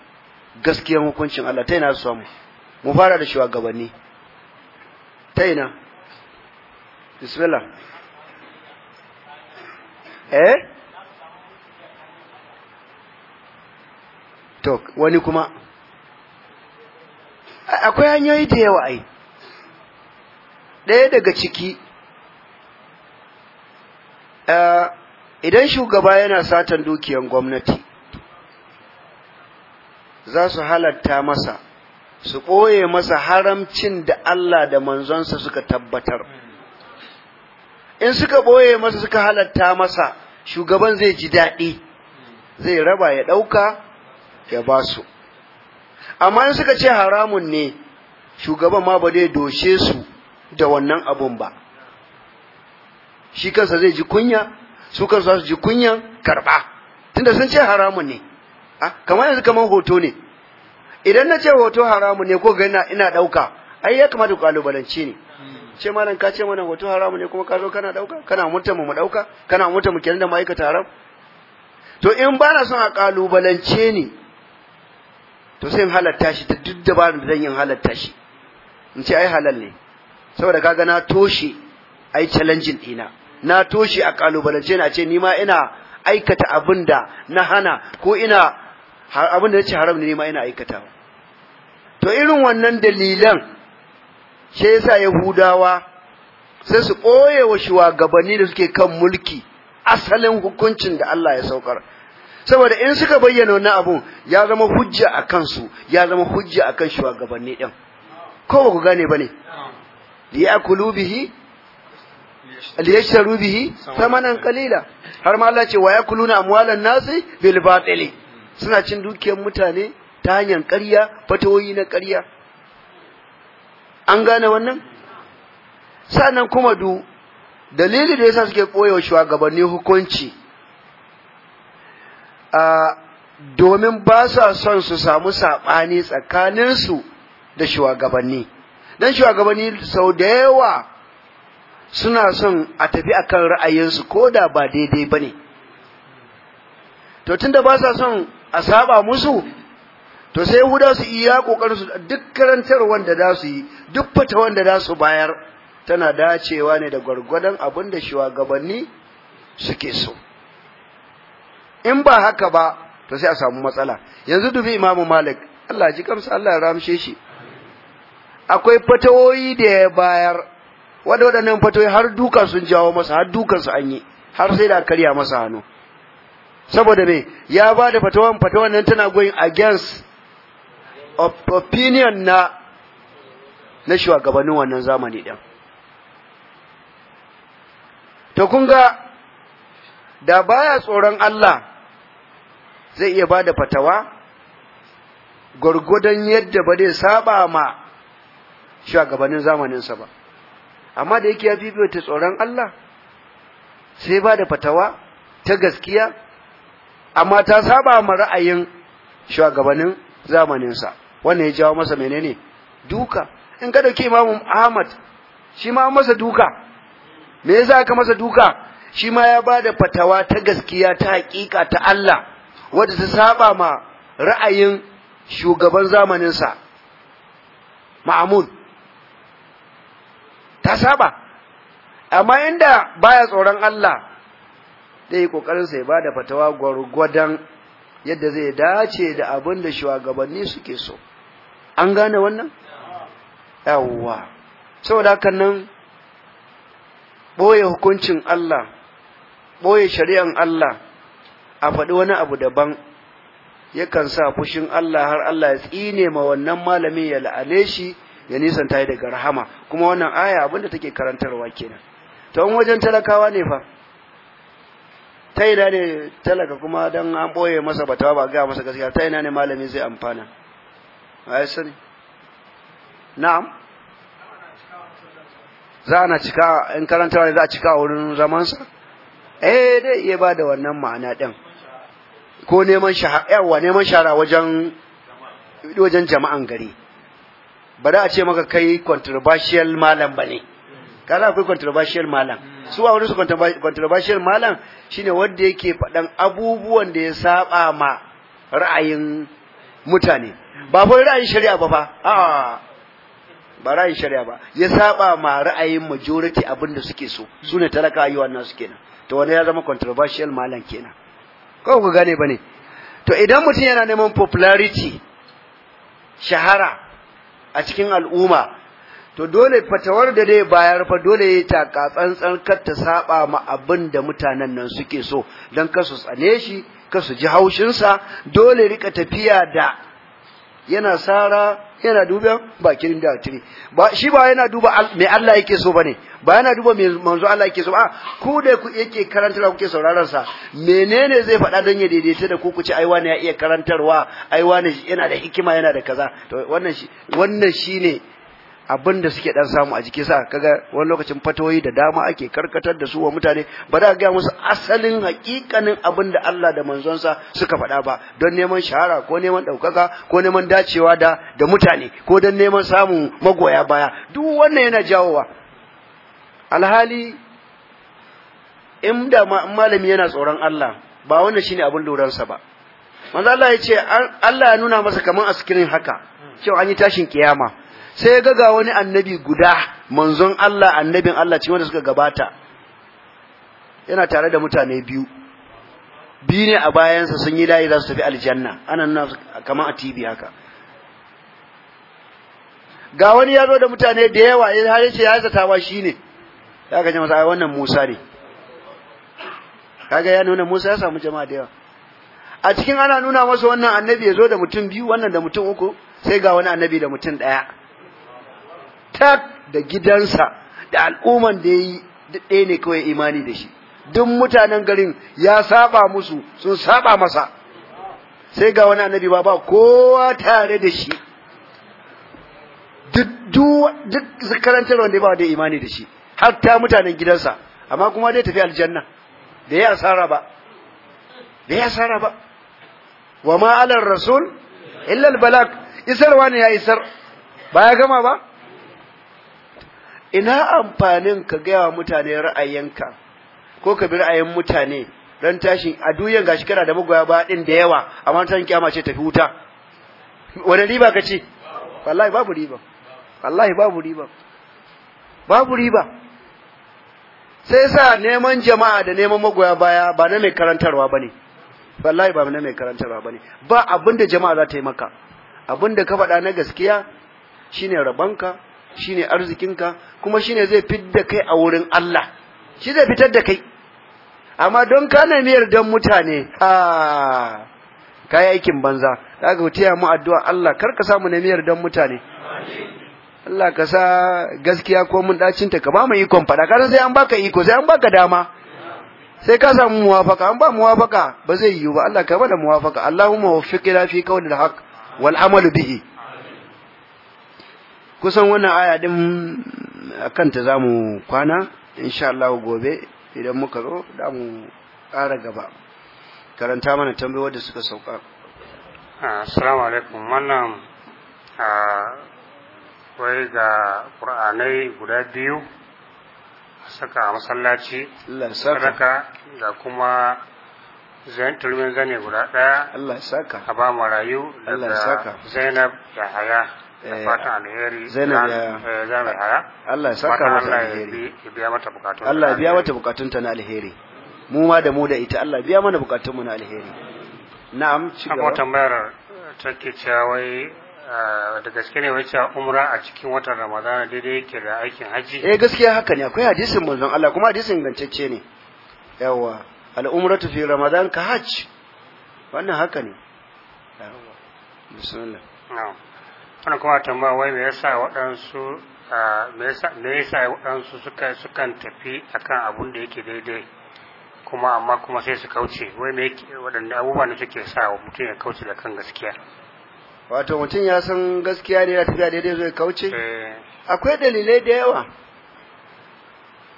gaskiyan hukuncin Allah ta ina su samu mu fara da shugabanni ta ina bismillah eh to wani kuma akwai hanyoyi da yawa ai ɗaya daga ciki idan shugaba yana satan dukiyan gwamnati za su halatta masa su ɓoye masa haramcin da Allah da manzonsa suka tabbatar in suka ɓoye masa suka halatta masa shugaban zai ji daɗi zai raba ya ɗauka ya ba su amma in suka ce haramun ne shugaban ma ba zai doshe su da wannan abun ba shi kansa zai ji kunya su kansa su ji kunyan karba tunda sun ce haramun ne kamar yanzu kamar hoto ne idan na ce hoto haramun ne ko gani ina ɗauka ai ya kamata kalubalanci ne ce malam ka ce mana hoto haramun ne kuma ka zo kana dauka kana mutum mu dauka kana mutum kenan da ma'aikata haram to in ba na son a kalubalance ni to sai in halatta shi ta duk dabarun da zan yin halatta shi in ce ai halal ne saboda kaga na toshe ai challenging dina, na toshe a kalubalance na ce ni ma ina aikata abin na hana ko ina abinda da haram ne ma ina aikatawa to irin wannan dalilan she yasa yahudawa sai su shi wa shugabanni da suke kan mulki asalin hukuncin da Allah ya saukar saboda in suka bayyana wannan abun ya zama hujja a kansu ya zama hujja a kan shugabanni ɗin ko ba ku gane ba ne akulu bihi liyashtaru bihi samanan qalila har ma Allah ce wa yakuluna amwalan nasi bil batili suna cin dukiyar mutane ta hanyar ƙarya fatawoyi na ƙarya an gane wannan sannan kuma du dalili da yasa suke koyewa shugabanni hukunci domin ba sa son su samu saɓani tsakaninsu da shugabanni don shugabanni sau da yawa suna son a tafi a kan ra'ayinsu ko da ba daidai ba ne to tunda ba sa son a saba musu to sai huda su iya kokarin su duk karantar wanda za su yi duk fata wanda za su bayar tana dacewa ne da gwargwadon abin da shugabanni suke so in ba haka ba to sai a samu matsala yanzu dubi imamu malik Allah ji kamsa Allah ya ramshe shi akwai fatawoyi da ya bayar wadda waɗannan fatawoyi har duka sun jawo masa har dukan su an yi har sai da karya masa hannu saboda me ya ba da fatawan fatawan nan tana going against opinion na na shugabannin wannan zamani din to kun ga da baya tsoron Allah zai iya bada fatawa gwargwadon yadda ba zai saba ma shugabannin zamaninsa ba amma da yake ya fifita tsoron Allah sai ba da fatawa ta gaskiya amma ta saba ma ra'ayin shugabannin zamaninsa wannan ya jawo masa menene duka in ka dauki imamu Ahmad shi ma masa duka me yasa ka masa duka shi ma ya ba da fatawa ta gaskiya ta hakika ta Allah wadda ta saba ma ra'ayin shugaban zamaninsa ma'amun ta saba amma inda baya tsoron Allah zai yi ƙoƙarinsa ya ba da fatawa gwargwadon yadda zai dace da abin da shugabanni suke so an gane wannan yawwa saboda kan nan ɓoye hukuncin Allah ɓoye shari'an Allah a faɗi wani abu daban yakan sa fushin Allah har Allah ya tsine ma wannan malamin ya la'ane shi ya nisanta daga rahama kuma wannan aya abinda take karantarwa kenan to an wajen talakawa ne fa ta ina ne talaka kuma don an ɓoye masa bata ba ga masa gaskiya ta ina ne malami zai amfana yi sani na'am za na cika in karantarwa ne za a cika wurin zamansa eh dai iya ba da wannan ma'ana ɗin ko neman yawa neman shara wajen wajen jama'an gari ba da a ce maka kai controversial malam ba ne za akwai controversial malam hmm. su a wani su controversial malam shine wanda yake faɗan abubuwan da ya saba ma ra'ayin mutane ba fa ra'ayin shari'a ba fa a ba ra'ayin shari'a ba ya saba ma ra'ayin majority abin da suke so su ne talaka ayyuan nasu kenan to wani ya zama controversial malam kenan kawai ku gane ba ne to idan mutum yana neman popularity shahara a cikin al'umma to dole fatawar da dai bayar fa dole ya taka tsantsan kar ta saba ma abin da mutanen nan suke so dan kasu tsane shi kasu su ji haushinsa dole rika tafiya da yana sara yana duba bakin da tiri ba shi ba yana duba me Allah yake so bane ba yana duba me manzo Allah yake so a ku da ku yake karantarwa kuke sauraron sa menene zai faɗa dan ya daidaita da ku ku ci aiwa ne ya iya karantarwa aiwa ne yana da hikima yana da kaza to wannan shi wannan shine abin da suke dan samu a jiki sa kaga wani lokacin fatoyi da dama ake karkatar da su wa mutane ba za ga musu asalin hakikanin abin da Allah da manzonsa suka faɗa ba don neman shahara ko neman ɗaukaka ko neman dacewa da da mutane ko don neman samun magoya baya duk wannan yana jawowa alhali inda da malami yana tsoron Allah ba wannan shine abin sa ba manzo Allah ya ce Allah ya nuna masa kaman askirin haka cewa an yi tashin kiyama sai ga ga wani annabi guda manzon Allah annabin Allah cikin wanda suka gabata yana tare da mutane biyu biyu ne a bayansa sun yi layi za su tafi aljanna ana nuna kamar a TV haka ga wani ya zo da mutane da yawa ya har yace ya shi ne ya ga jama'a wannan Musa ne kaga ya nuna Musa ya samu jama'a da yawa a cikin ana nuna masa wannan annabi ya zo da mutum biyu wannan da mutum uku sai ga wani annabi da mutum ɗaya tak da gidansa da al'umman da yayi ɗaya ne kawai imani da shi duk mutanen garin ya saba musu sun saba masa sai ga wani annabi ba kowa tare da shi duk karantar wanda ba da imani da shi har ta mutanen gidansa amma kuma dai tafi aljanna da ya asara ba da ya asara ba wa ma'alar rasul illa balak isarwa ne ya isar ba ya gama ba ina amfanin ka gaya wa mutane ra'ayinka ko ka bi ra'ayin mutane dan tashin a duyan gashi kana da magoya ba din da yawa amma tan kiyama ce tafi wuta wani riba ka ci? wallahi babu riba wallahi babu riba babu riba sai sa neman jama'a da neman magoya baya ba na mai karantarwa bane wallahi ba na mai karantarwa bane ba abinda jama'a za ta yi maka abinda ka faɗa na gaskiya shine rabanka shine arzikinka kuma shine zai fidda kai a wurin Allah shi zai fitar da kai amma don ka nemi don mutane ka yi aikin banza kaga ku wuce mu addu'a Allah kar ka samu nemi don mutane Allah ka sa gaskiya ko mun dacin ta ka ba mu ikon fada ka sai an baka iko sai an baka dama sai ka samu muwafaka an ba muwafaka ba zai yiwu ba Allah ka bada muwafaka Allahumma waffiqna fi qawlil haqq wal amalu bihi kusan wannan aya din akanta za mu kwana insha Allah gobe idan muka zo da mu ƙara gaba karanta mana tambayar da suka sauka ah, assalamu alaikum wannan ah, wai ga ƙur'anai guda biyu saka masallaci saka da kuma zai turmin zane guda ɗaya a ba marayu daga zainab da haya Eh, fatan alheri zainab ya eh, zainab haya Allah ya saka mata alheri Allah ya biya mata bukatun Allah ya biya mata bukatun ta na alheri mu ma da mu da ita Allah biya mana bukatun mu na alheri na'am ci gaba tambayar take cewa wai eh, da gaske ne wai cewa umra a cikin watan Ramadana daidai yake da aikin haji eh gaskiya haka ne akwai hadisin manzon Allah kuma hadisin ingantacce ne yawa al'umratu fi Ramadan ka hajj wannan haka ne yawa bismillah na'am wani kuma tamba wai me yasa waɗansu me yasa waɗansu suka sukan tafi akan abun da yake daidai kuma amma kuma sai su kauce wai me waɗanne abubuwa ne suke sa mutum ya kauce da kan gaskiya wato mutum ya san gaskiya ne ya tafiya daidai zai kauce eh. akwai dalilai da yawa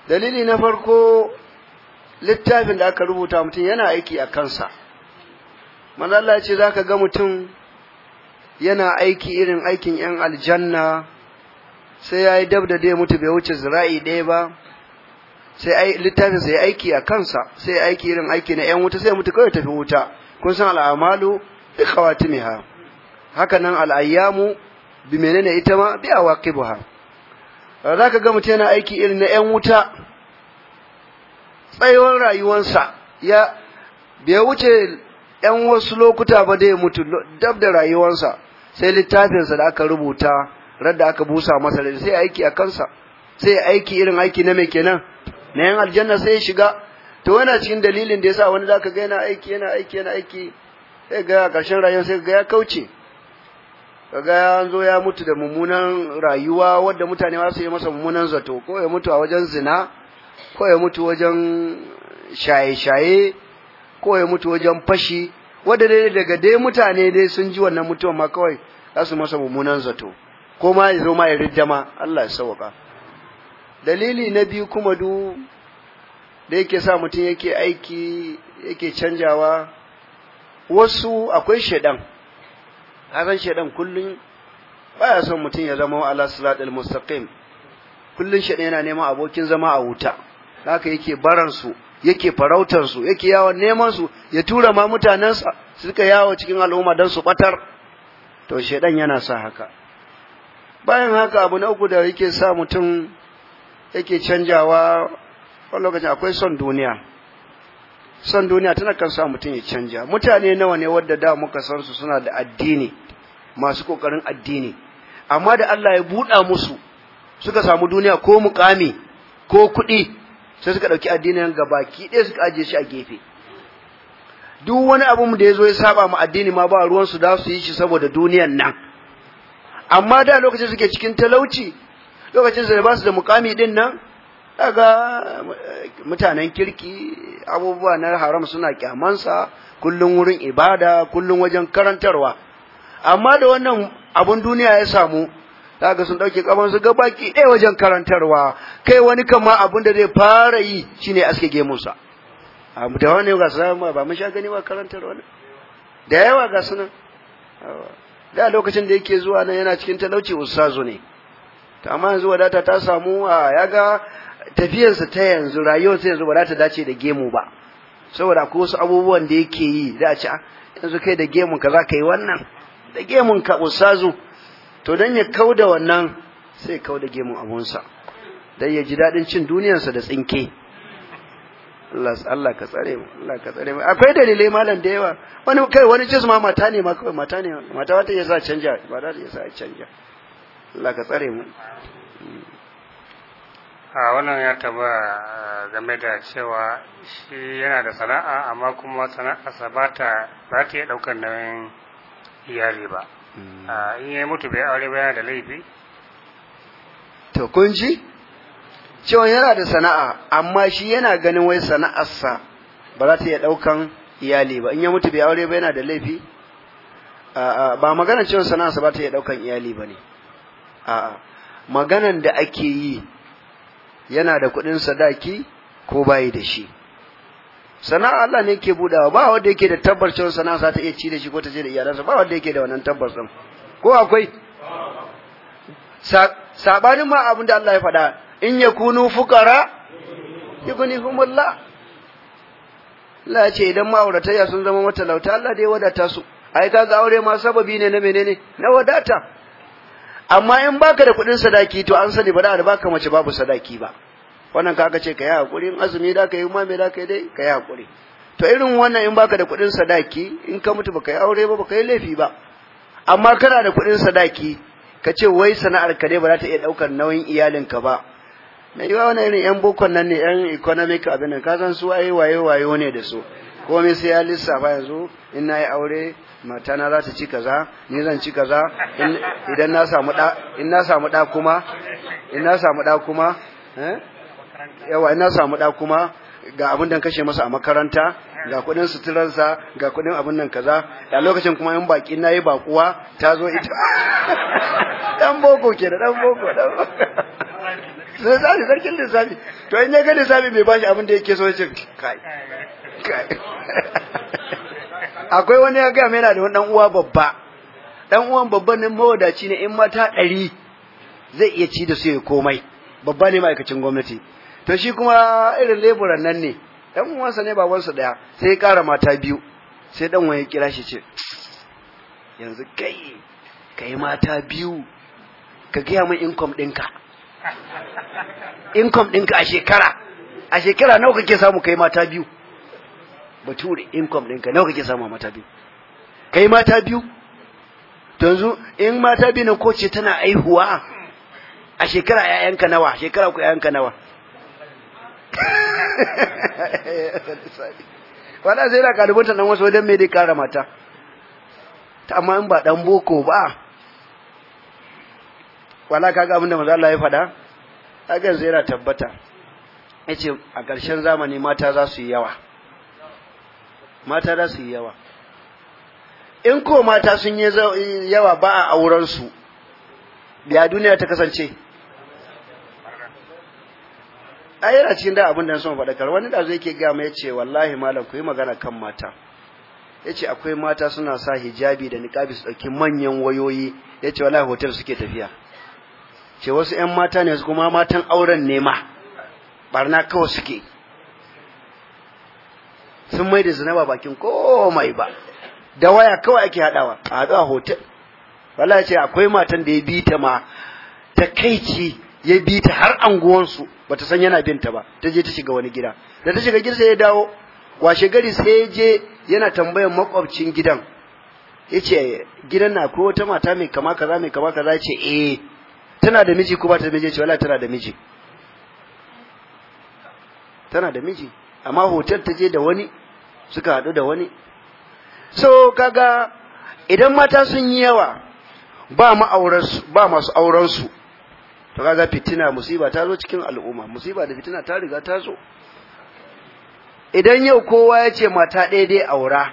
dalili na farko littafin da aka rubuta mutum yana aiki a kansa manzo Allah ya ce zaka ga mutum yana aiki irin aikin ‘yan aljanna sai ya yi dab da dai mutu bai wuce zira'i ɗaya ba sai littafin sai aiki a kansa sai aiki irin aiki na ‘yan wuta sai mutu kawai tafi wuta kun san al'amalu bi khawatimiha haka nan al'ayyamu bi menene ita ma bi awaqibuha za ka ga mutu yana aiki irin na ‘yan wuta tsayuwar rayuwarsa ya bai wuce ‘yan wasu lokuta ba dai mutu dab da rayuwarsa sai littafinsa da aka rubuta da aka busa masa da sai aiki a kansa sai aiki irin aiki na mai kenan na yan aljanna sai ya shiga to yana cikin dalilin da yasa wani zaka ga yana aiki yana aiki yana aiki sai ga karshen rayuwa sai ga ya kauce kaga ya zo ya mutu da mummunan rayuwa wadda mutane ba su yi masa mummunan zato ko ya mutu a wajen zina ko ya mutu wajen shaye-shaye ko ya mutu wajen fashi wanda dai daga dai mutane dai sun ji wannan mutuwa ma kawai za su masa mummunan zato ko ma ya zo ma ya ridda ma Allah ya sauka dalili na biyu kuma du da yake sa mutum yake aiki yake canjawa wasu akwai shedan hazan shedan kullun baya son mutum ya zama ala siratal mustaqim kullun shedan yana neman abokin zama a wuta haka yake baransu yake farautar su yake yawon neman su ya tura ma mutanensa su suka yawo cikin al'umma don su batar to shedan yana sa haka bayan haka abu na uku da yake sa mutum yake canjawa wani lokacin akwai son duniya son duniya tana kan sa mutum ya canja mutane nawa ne wadda da muka san su suna da addini masu kokarin addini amma da Allah ya buɗa musu suka samu duniya ko mukami ko kuɗi sai suka ɗauki addinin gabaki ɗaya suka ajiye shi a gefe duk wani abu da ya zo ya saba ma addini ma ba ruwan su da su yi shi saboda duniyan nan amma da lokacin suke cikin talauci lokacin da ba su da mukami din nan daga eh, mutanen kirki abubuwa na haram suna kyamansa kullum wurin ibada kullum wajen karantarwa amma da wannan abun duniya ya samu daga sun dauke kafan su ga baki ɗaya wajen karantarwa kai wani kama abin da zai fara yi shine aske gemun sa a da wani ga samu ba mun sha gani wa karantarwa ne da yawa ga sunan da lokacin da yake zuwa nan yana cikin talauci ustazo ne to amma yanzu wadata ta samu ya ga tafiyarsa ta yanzu rayuwar sai yanzu wadata dace da gemu ba saboda ko wasu abubuwan da yake yi da a ci ah, yanzu kai da gemun ka za ka yi wannan da gemun ka ustazo to dan ya da wannan sai da gemun abunsa dan ya ji dadin cin duniyarsa da tsinke Allah Allah ka tsare mu Allah ka tsare mu akwai dalilai malam da yawa wani kai wani jis ma mata ne ma kai mata ne mata wata yasa canja ba da ta sa canja Allah ka tsare mu a wannan ya taba eh, game da cewa shi yana da sana'a amma kuma sana'a ba ta ba ta iya daukar nauyin iyali ba Ah, in ya mutu bai aure ba da laifi to kun ji cewa yana da sana'a amma shi yana ganin wai sana'arsa ba za ta iya ɗaukan iyali ba in ya mutu bai aure ba yana da laifi ba maganar cewa sana'arsa ba ta iya ɗaukan iyali ba ne a'a maganan da ake yi yana da kuɗin sadaki ko bayi da shi sana'a Allah ne yake budawa ba wanda yake da tabbacin sana'a za ta iya ci da shi ko ta ce da iyalansa ba wanda yake da wannan tabbacin ko akwai sabanin ma abin da Allah ya faɗa in yakunu fuqara yughnihumullah Allah ya ce idan ma'auratayya sun zama matalauta Allah dai wadata su ai ga aure ma sababi ne na menene na wadata amma in baka da kuɗin sadaki to an sani ba da baka mace babu sadaki ba wannan kaga ce ka yi hakuri in azumi da ka yi ma me da ka yi dai ka yi hakuri to irin wannan in baka da kuɗin sadaki in ka mutu baka yi aure ba baka yi laifi ba amma kana da kuɗin sadaki ka ce wai sana'ar ka ne ba za ta iya ɗaukar nauyin iyalinka ba na yi wani irin yan bokon nan ne yan economic abin ka san su ai waye waye ne da su komai sai ya lissafa yanzu in na yi aure na za ta ci kaza ni zan ci kaza idan na samu da in na samu da kuma in na samu da kuma eh yawa ina samu da kuma ga abin da kashe masa a makaranta ga kudin suturarsa ga kudin abin nan kaza a lokacin kuma in baki nayi bakuwa ta zo ita dan (laughs) boko ke da dan boko dan (laughs) sai sai sarkin lissafi to in ya ga lissafi mai bashi abin da yake so ya ce kai (laughs) akwai wani ya ga yana da wani dan uwa babba dan uwan babban nan mawadaci ne in mata ɗari zai iya ci da su ya komai babba ne ma'aikacin gwamnati to shi kuma irin leburan nan ne dan uwansa ne babansa daya sai ya kara mata biyu sai dan wani kira shi ce yanzu kai kai mata biyu ka gaya min income ɗinka income ɗinka a shekara a shekara nawa kake samu kai mata biyu bature income ɗinka nawa kake samu mata biyu kai mata biyu to yanzu in mata biyu na ce tana aihuwa a shekara 'ya'yanka nawa shekara ku 'ya'yanka nawa wadda zai na da nan wasu wajen mai dai kara mata ta amma in ba dan boko ba wala kaga abinda maza Allah ya faɗa hakan zai na tabbata yace a ƙarshen zamani mata za su yi yawa mata za su yi yawa in ko mata sun yi yawa ba a auren su ya duniya ta kasance ai yana cikin da abin da faɗa kar wani da zai ke ga mai ce wallahi malam ku yi magana kan mata yace akwai mata suna sa hijabi da niqabi su dauki manyan wayoyi yace wallahi hotel suke tafiya ce wasu ƴan mata ne su kuma matan auren ne ma barna kawai suke sun mai da zinaba bakin komai ba da waya kawai ake hadawa a hadawa hotel wallahi ce akwai matan da ya bi ta ma takaici ya bi ta har anguwansu bata san yana bin ta ba ta je ta shiga wani gida da ta shiga gida sai ya dawo washe gari sai ya je yana tambayar makwabcin gidan yace gidan na akwai wata mata mai kama kaza mai kama kaza yace eh tana da miji ko ba ta da miji yace wallahi tana da miji tana da miji amma hotel ta je da wani suka haɗu da wani so kaga idan mata sun yi yawa ba ma'auransu ba masu auransu to kaga fitina musiba ta zo cikin al'umma musiba da fitina ta riga ta zo idan yau kowa ya ce mata daidai aura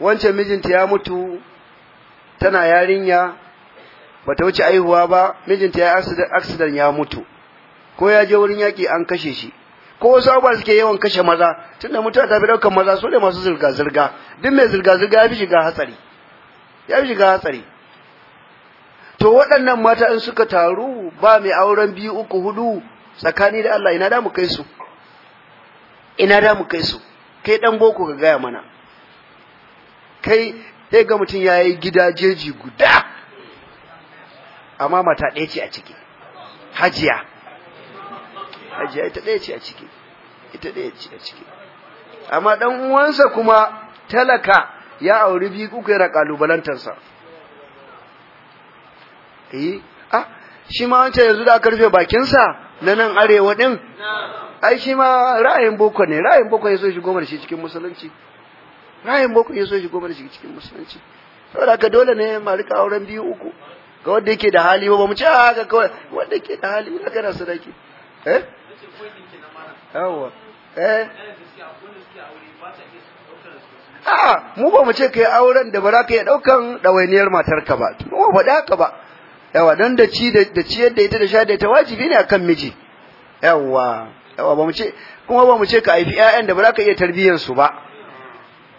wancan mijinta ya mutu tana yarinya ba ta wuce aihuwa ba mijinta ya accident ya mutu ko ya je wurin yaki an kashe shi ko wasu abuwa suke yawan kashe maza tunda mutuwa ta fi ɗaukar maza su ne masu zirga-zirga duk mai zirga-zirga ya fi shiga hatsari to waɗannan mata in suka taru ba mai auren biyu uku hudu tsakani da Allah ina da mu kai su ina da mu kai su kai dan boko ka gaya mana kai sai ga mutum ya yi gidajeji guda amma mata ɗaya ce a ciki hajiya hajiya ita ɗaya ce a ciki ita ɗaya ce a ciki amma ɗan uwansa kuma talaka ya auri biyu uku yana ƙalubalantarsa yi ah, shi ma wancan yanzu da karfe bakinsa na nan arewa din ai shi ma ra'ayin boko ne ra'ayin boko ya so shi goma shi cikin musulunci ra'ayin boko ya so shi goma shi cikin musulunci saboda ka dole ne ma rika auren biyu uku ga wanda yake da hali ba mu ce ah, a ga kawai wanda yake da hali ina kana sadaki eh yawa eh a mu ba mu ce kai auren da ba za ka iya daukan ɗawainiyar matarka ba mu ba faɗa ka ba yawa don da ci da ciyar da ita da sha da ita wajibi ne akan miji yawa yawa ba mu ce kuma ba mu ce ka haifi ƴaƴan da ba za ka iya tarbiyyan su ba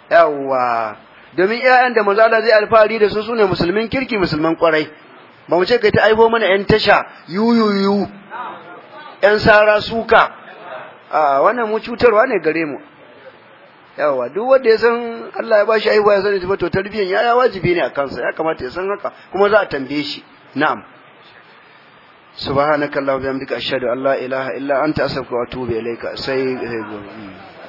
yawa domin ƴaƴan da maza da zai alfahari da su sune musulmin kirki musulman kwarai ba mu ce ka ta aifo mana ƴan tasha yu ƴan sara suka a wannan mu cutarwa ne gare mu yawa duk wanda ya san Allah ya bashi aiwa ya sani to tarbiyyan yaya wajibi ne a kansa ya kamata ya san haka kuma za a tambaye shi na'am subhanakallahumma wa bihamdika ashhadu an la ilaha illa anta astaghfiruka wa atubu ilaika sai eh,